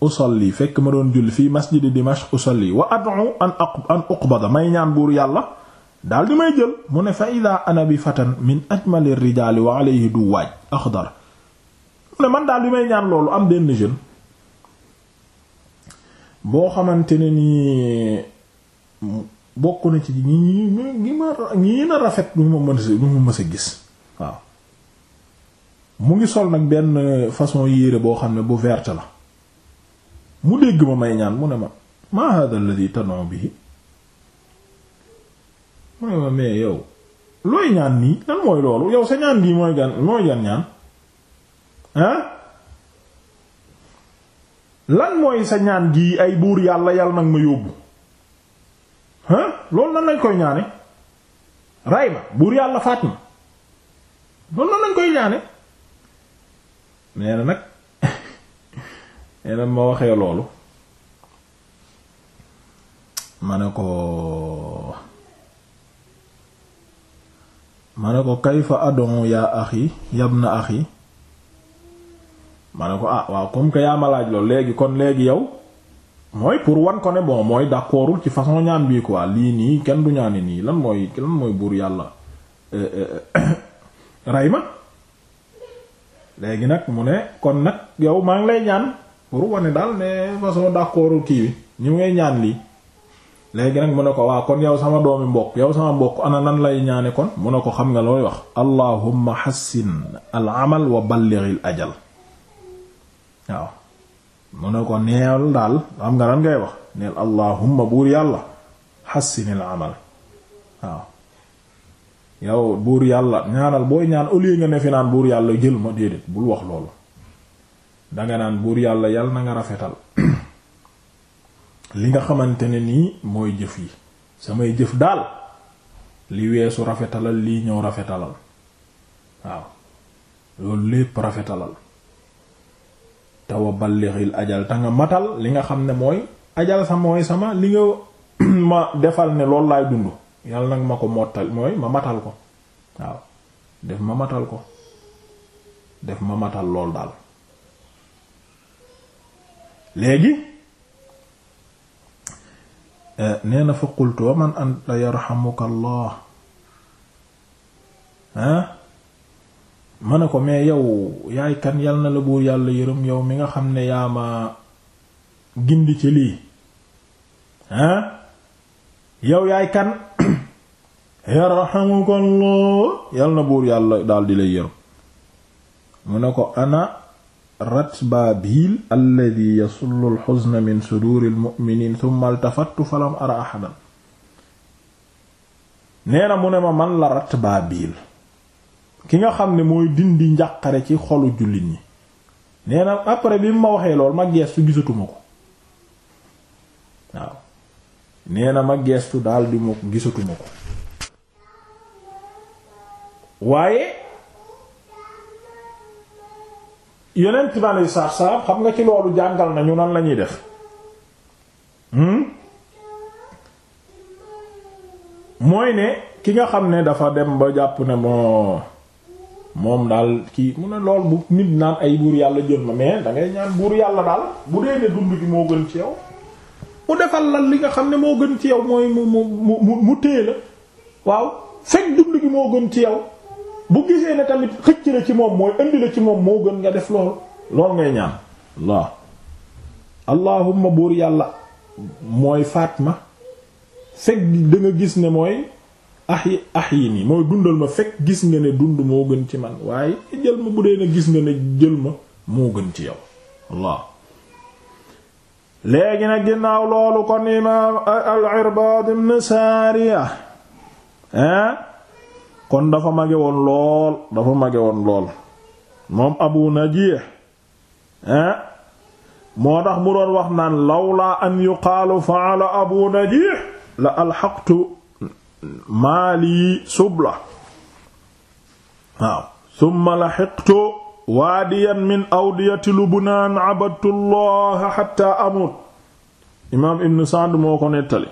usalli fekk ma doon julli fii masjidi Dimashq usalli wa ad'u an an may ñaan buur yàlla daal di may jël mu ne fa ida ana bi fatan min ajmali rijaali wa alayhi du waaj axdar mu ne man daal di may ñaan loolu am denn jeune boo xamante ne nii bokk na ci ñi ñi ma ñi na rafet lu ma mën lu gis waaw mu ngi sol nag benn façon yére boo xam ne bu verte la mu dégg ma may ñaan mu ne ma ma hada alladhi tad'u bihi mu ne ma mais yow looy ñaan nii lan mooy loolu yow sa ñaan gi mooy gan mooy gan ñaan ah lan mooy sa ñaan gi ay buur yàlla yàlla nag ma yóbbu loolu nan lañ koy ñaane ray ma buur yàlla faat ma loolu nan lañ koy ñaane nee nag nee na ma waxee loolu ma ne ko ma ne ko kayfa adon yaa axi yabna axi ma ne ko ah waaw comme que yaa ma laaj loolu léegi kon léegi yow mooy pour wan ko ne bon mooy d'accordul ci façon ñaan bii quoi lii nii kenn du ñaani nii lan mooy lan mooy buur yàlla euh, euh, rey ma léegi nag mu ne kon nag yow maa ngi lay ñaan pour wane daal ne façon d'accordul kii bi ñu ngay ñaan lii léegi nag mu ne ko waa kon yow sama doomi mbokk yow sama mbokk ana nan lay ñaane kon mu ne ko xam nga looy wax allahumma hassin al amal wa ballighil ajal waaw mu ne ko neewal daal am nga lan ngay wax neel allahumma buur yàlla la amal waaw yow buur yàlla ñaanal booy ñaan au lieu nga ne fi naan buur yàlla jël ma déedéet bul wax loolu danga naan buur yàlla yàlla na nga rafetal li nga xamante ne nii mooy jëf yi samay jëf daal li weesu rafetalal lii ñëw rafetalal waaw loolu lépp rafetalal tawa ballixil ajal ta nga matal li nga xam ne mooy ajal sa mooy sama li nga ma defal ne loolu laay dund yàlla nag ma ko mottal mooy ma matal ko waaw def ma matal ko def ma matal lool daal léegi eh, nee na fa qultu wa man anta yarhamuka allah ha ma ne ko mais yow yaay kan yal na la buur yàlla yërëm yow mi nga xam ne yaa ma gindi ci lii hein yow yaay kan yarhamukallah yal na buur yàlla daal di lay yërëm mu ne ko ana ratbaabil alladi yasullu alxuzna min suduuril mu'miniin thumma altafattu falam ara ahadan nee mu ne ma man la ratbaabil ki nga xam ne mooy dindi njàqare ci xolu jullit ñi nee na après bi mu ma waxee lool ma geestu gisatuma ko waaw nee na ma geestu daal di ma gisatuma ko waaye yeneen timaane yu saaf saaf xam nga ci loolu jàngal nañu nan lañuy def hmm? mooy ne ki nga xam ne dafa dem ba jàpp ne moo moom daal kii mun ne lool bu nit naan ay buur yàlla jël ma mais dangay ngay ñaan buur yàlla daal bu dee ne dund gi moo gën ci yow mu defal la li nga xam ne moo gën ci yaw mooy mu mu mu mu téye la waaw fekk dund gi moo gën ci yow bu gisee ne tamit xëcc la ci moom mooy indi la ci moom moo gën nga def lool lool ngay ñaan waaw allahumma buur yàlla mooy faat ma fekk da gis ne mooy ahyi ahyi nii mooy dundal ma fekk gis nga ne dund moo gën ci man waaye jël ma bu dee na gis nga ne jël ma moo gën ci yow Allah léegi nag ginnaaw loolu kon imaam al-Irbaad ibn Saariya hein kon dafa mage woon lool dafa mage woon lool moom Abu Najiih hein moo tax mu doon wax naan lawlaa an yuqaalu fa'ala Abu Najiih la alxaqtu maali subla waaw summa laxiqtu waadiyan min awdiyati lubnaan abadtu llaha xatta amut imaam ibn Sa'd moo ko nettali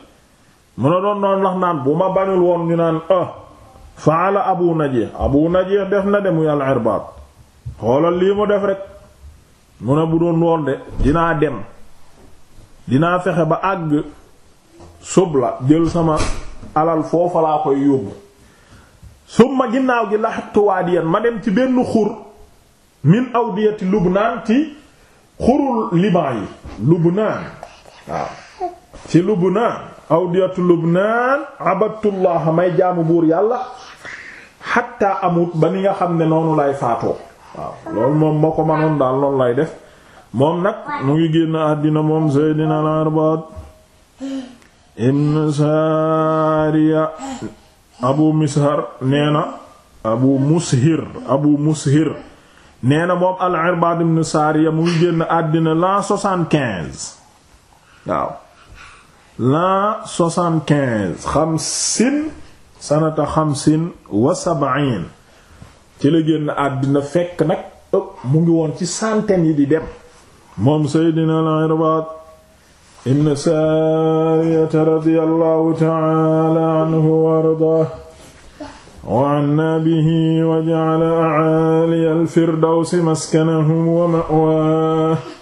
mu ne doon lax naan bu ma bañul woon ñu naan ah faala abu najih abu najih def na de muy al irbaad xoolal lii mu def rek mu ne bu doon woon de dinaa dem dinaa fexe ba àgg subla jël sama alal foofa laa koy yóbbu summa ginnaaw gi laxattu waadiyan ma dem ci benn xur min awdiyati Lubnaan ci xurul Liban yi Lubnaan waaw ci Lubnaan awdiyatu Lubnaan abadtullaha may jaamu buur yàlla xatta amut ba ni nga xam ne noonu lay faatoo waaw loolu moom moo ko manoon daal loolu lay def moom nag mu ngi génn àddina moom Seydina al-Arbaad ibn Saariya abu mishar nee na abu mushir abu mushir nee na moom al-Irbaad ibn Saariya mu ngi génn àddina l'an soixante-quinze waaw l'an xamsin sanata xamsin wa sab'iin ci la génn àddina fekk nag mu ngi woon ci centaine yi di dem moom Seydina al-Irbaad ibn saariyata radiyallahu taala anhu wa ardaah wa anna bihi wa ja'ala a'aaliya al-firdawsi maskanahum wa ma'waah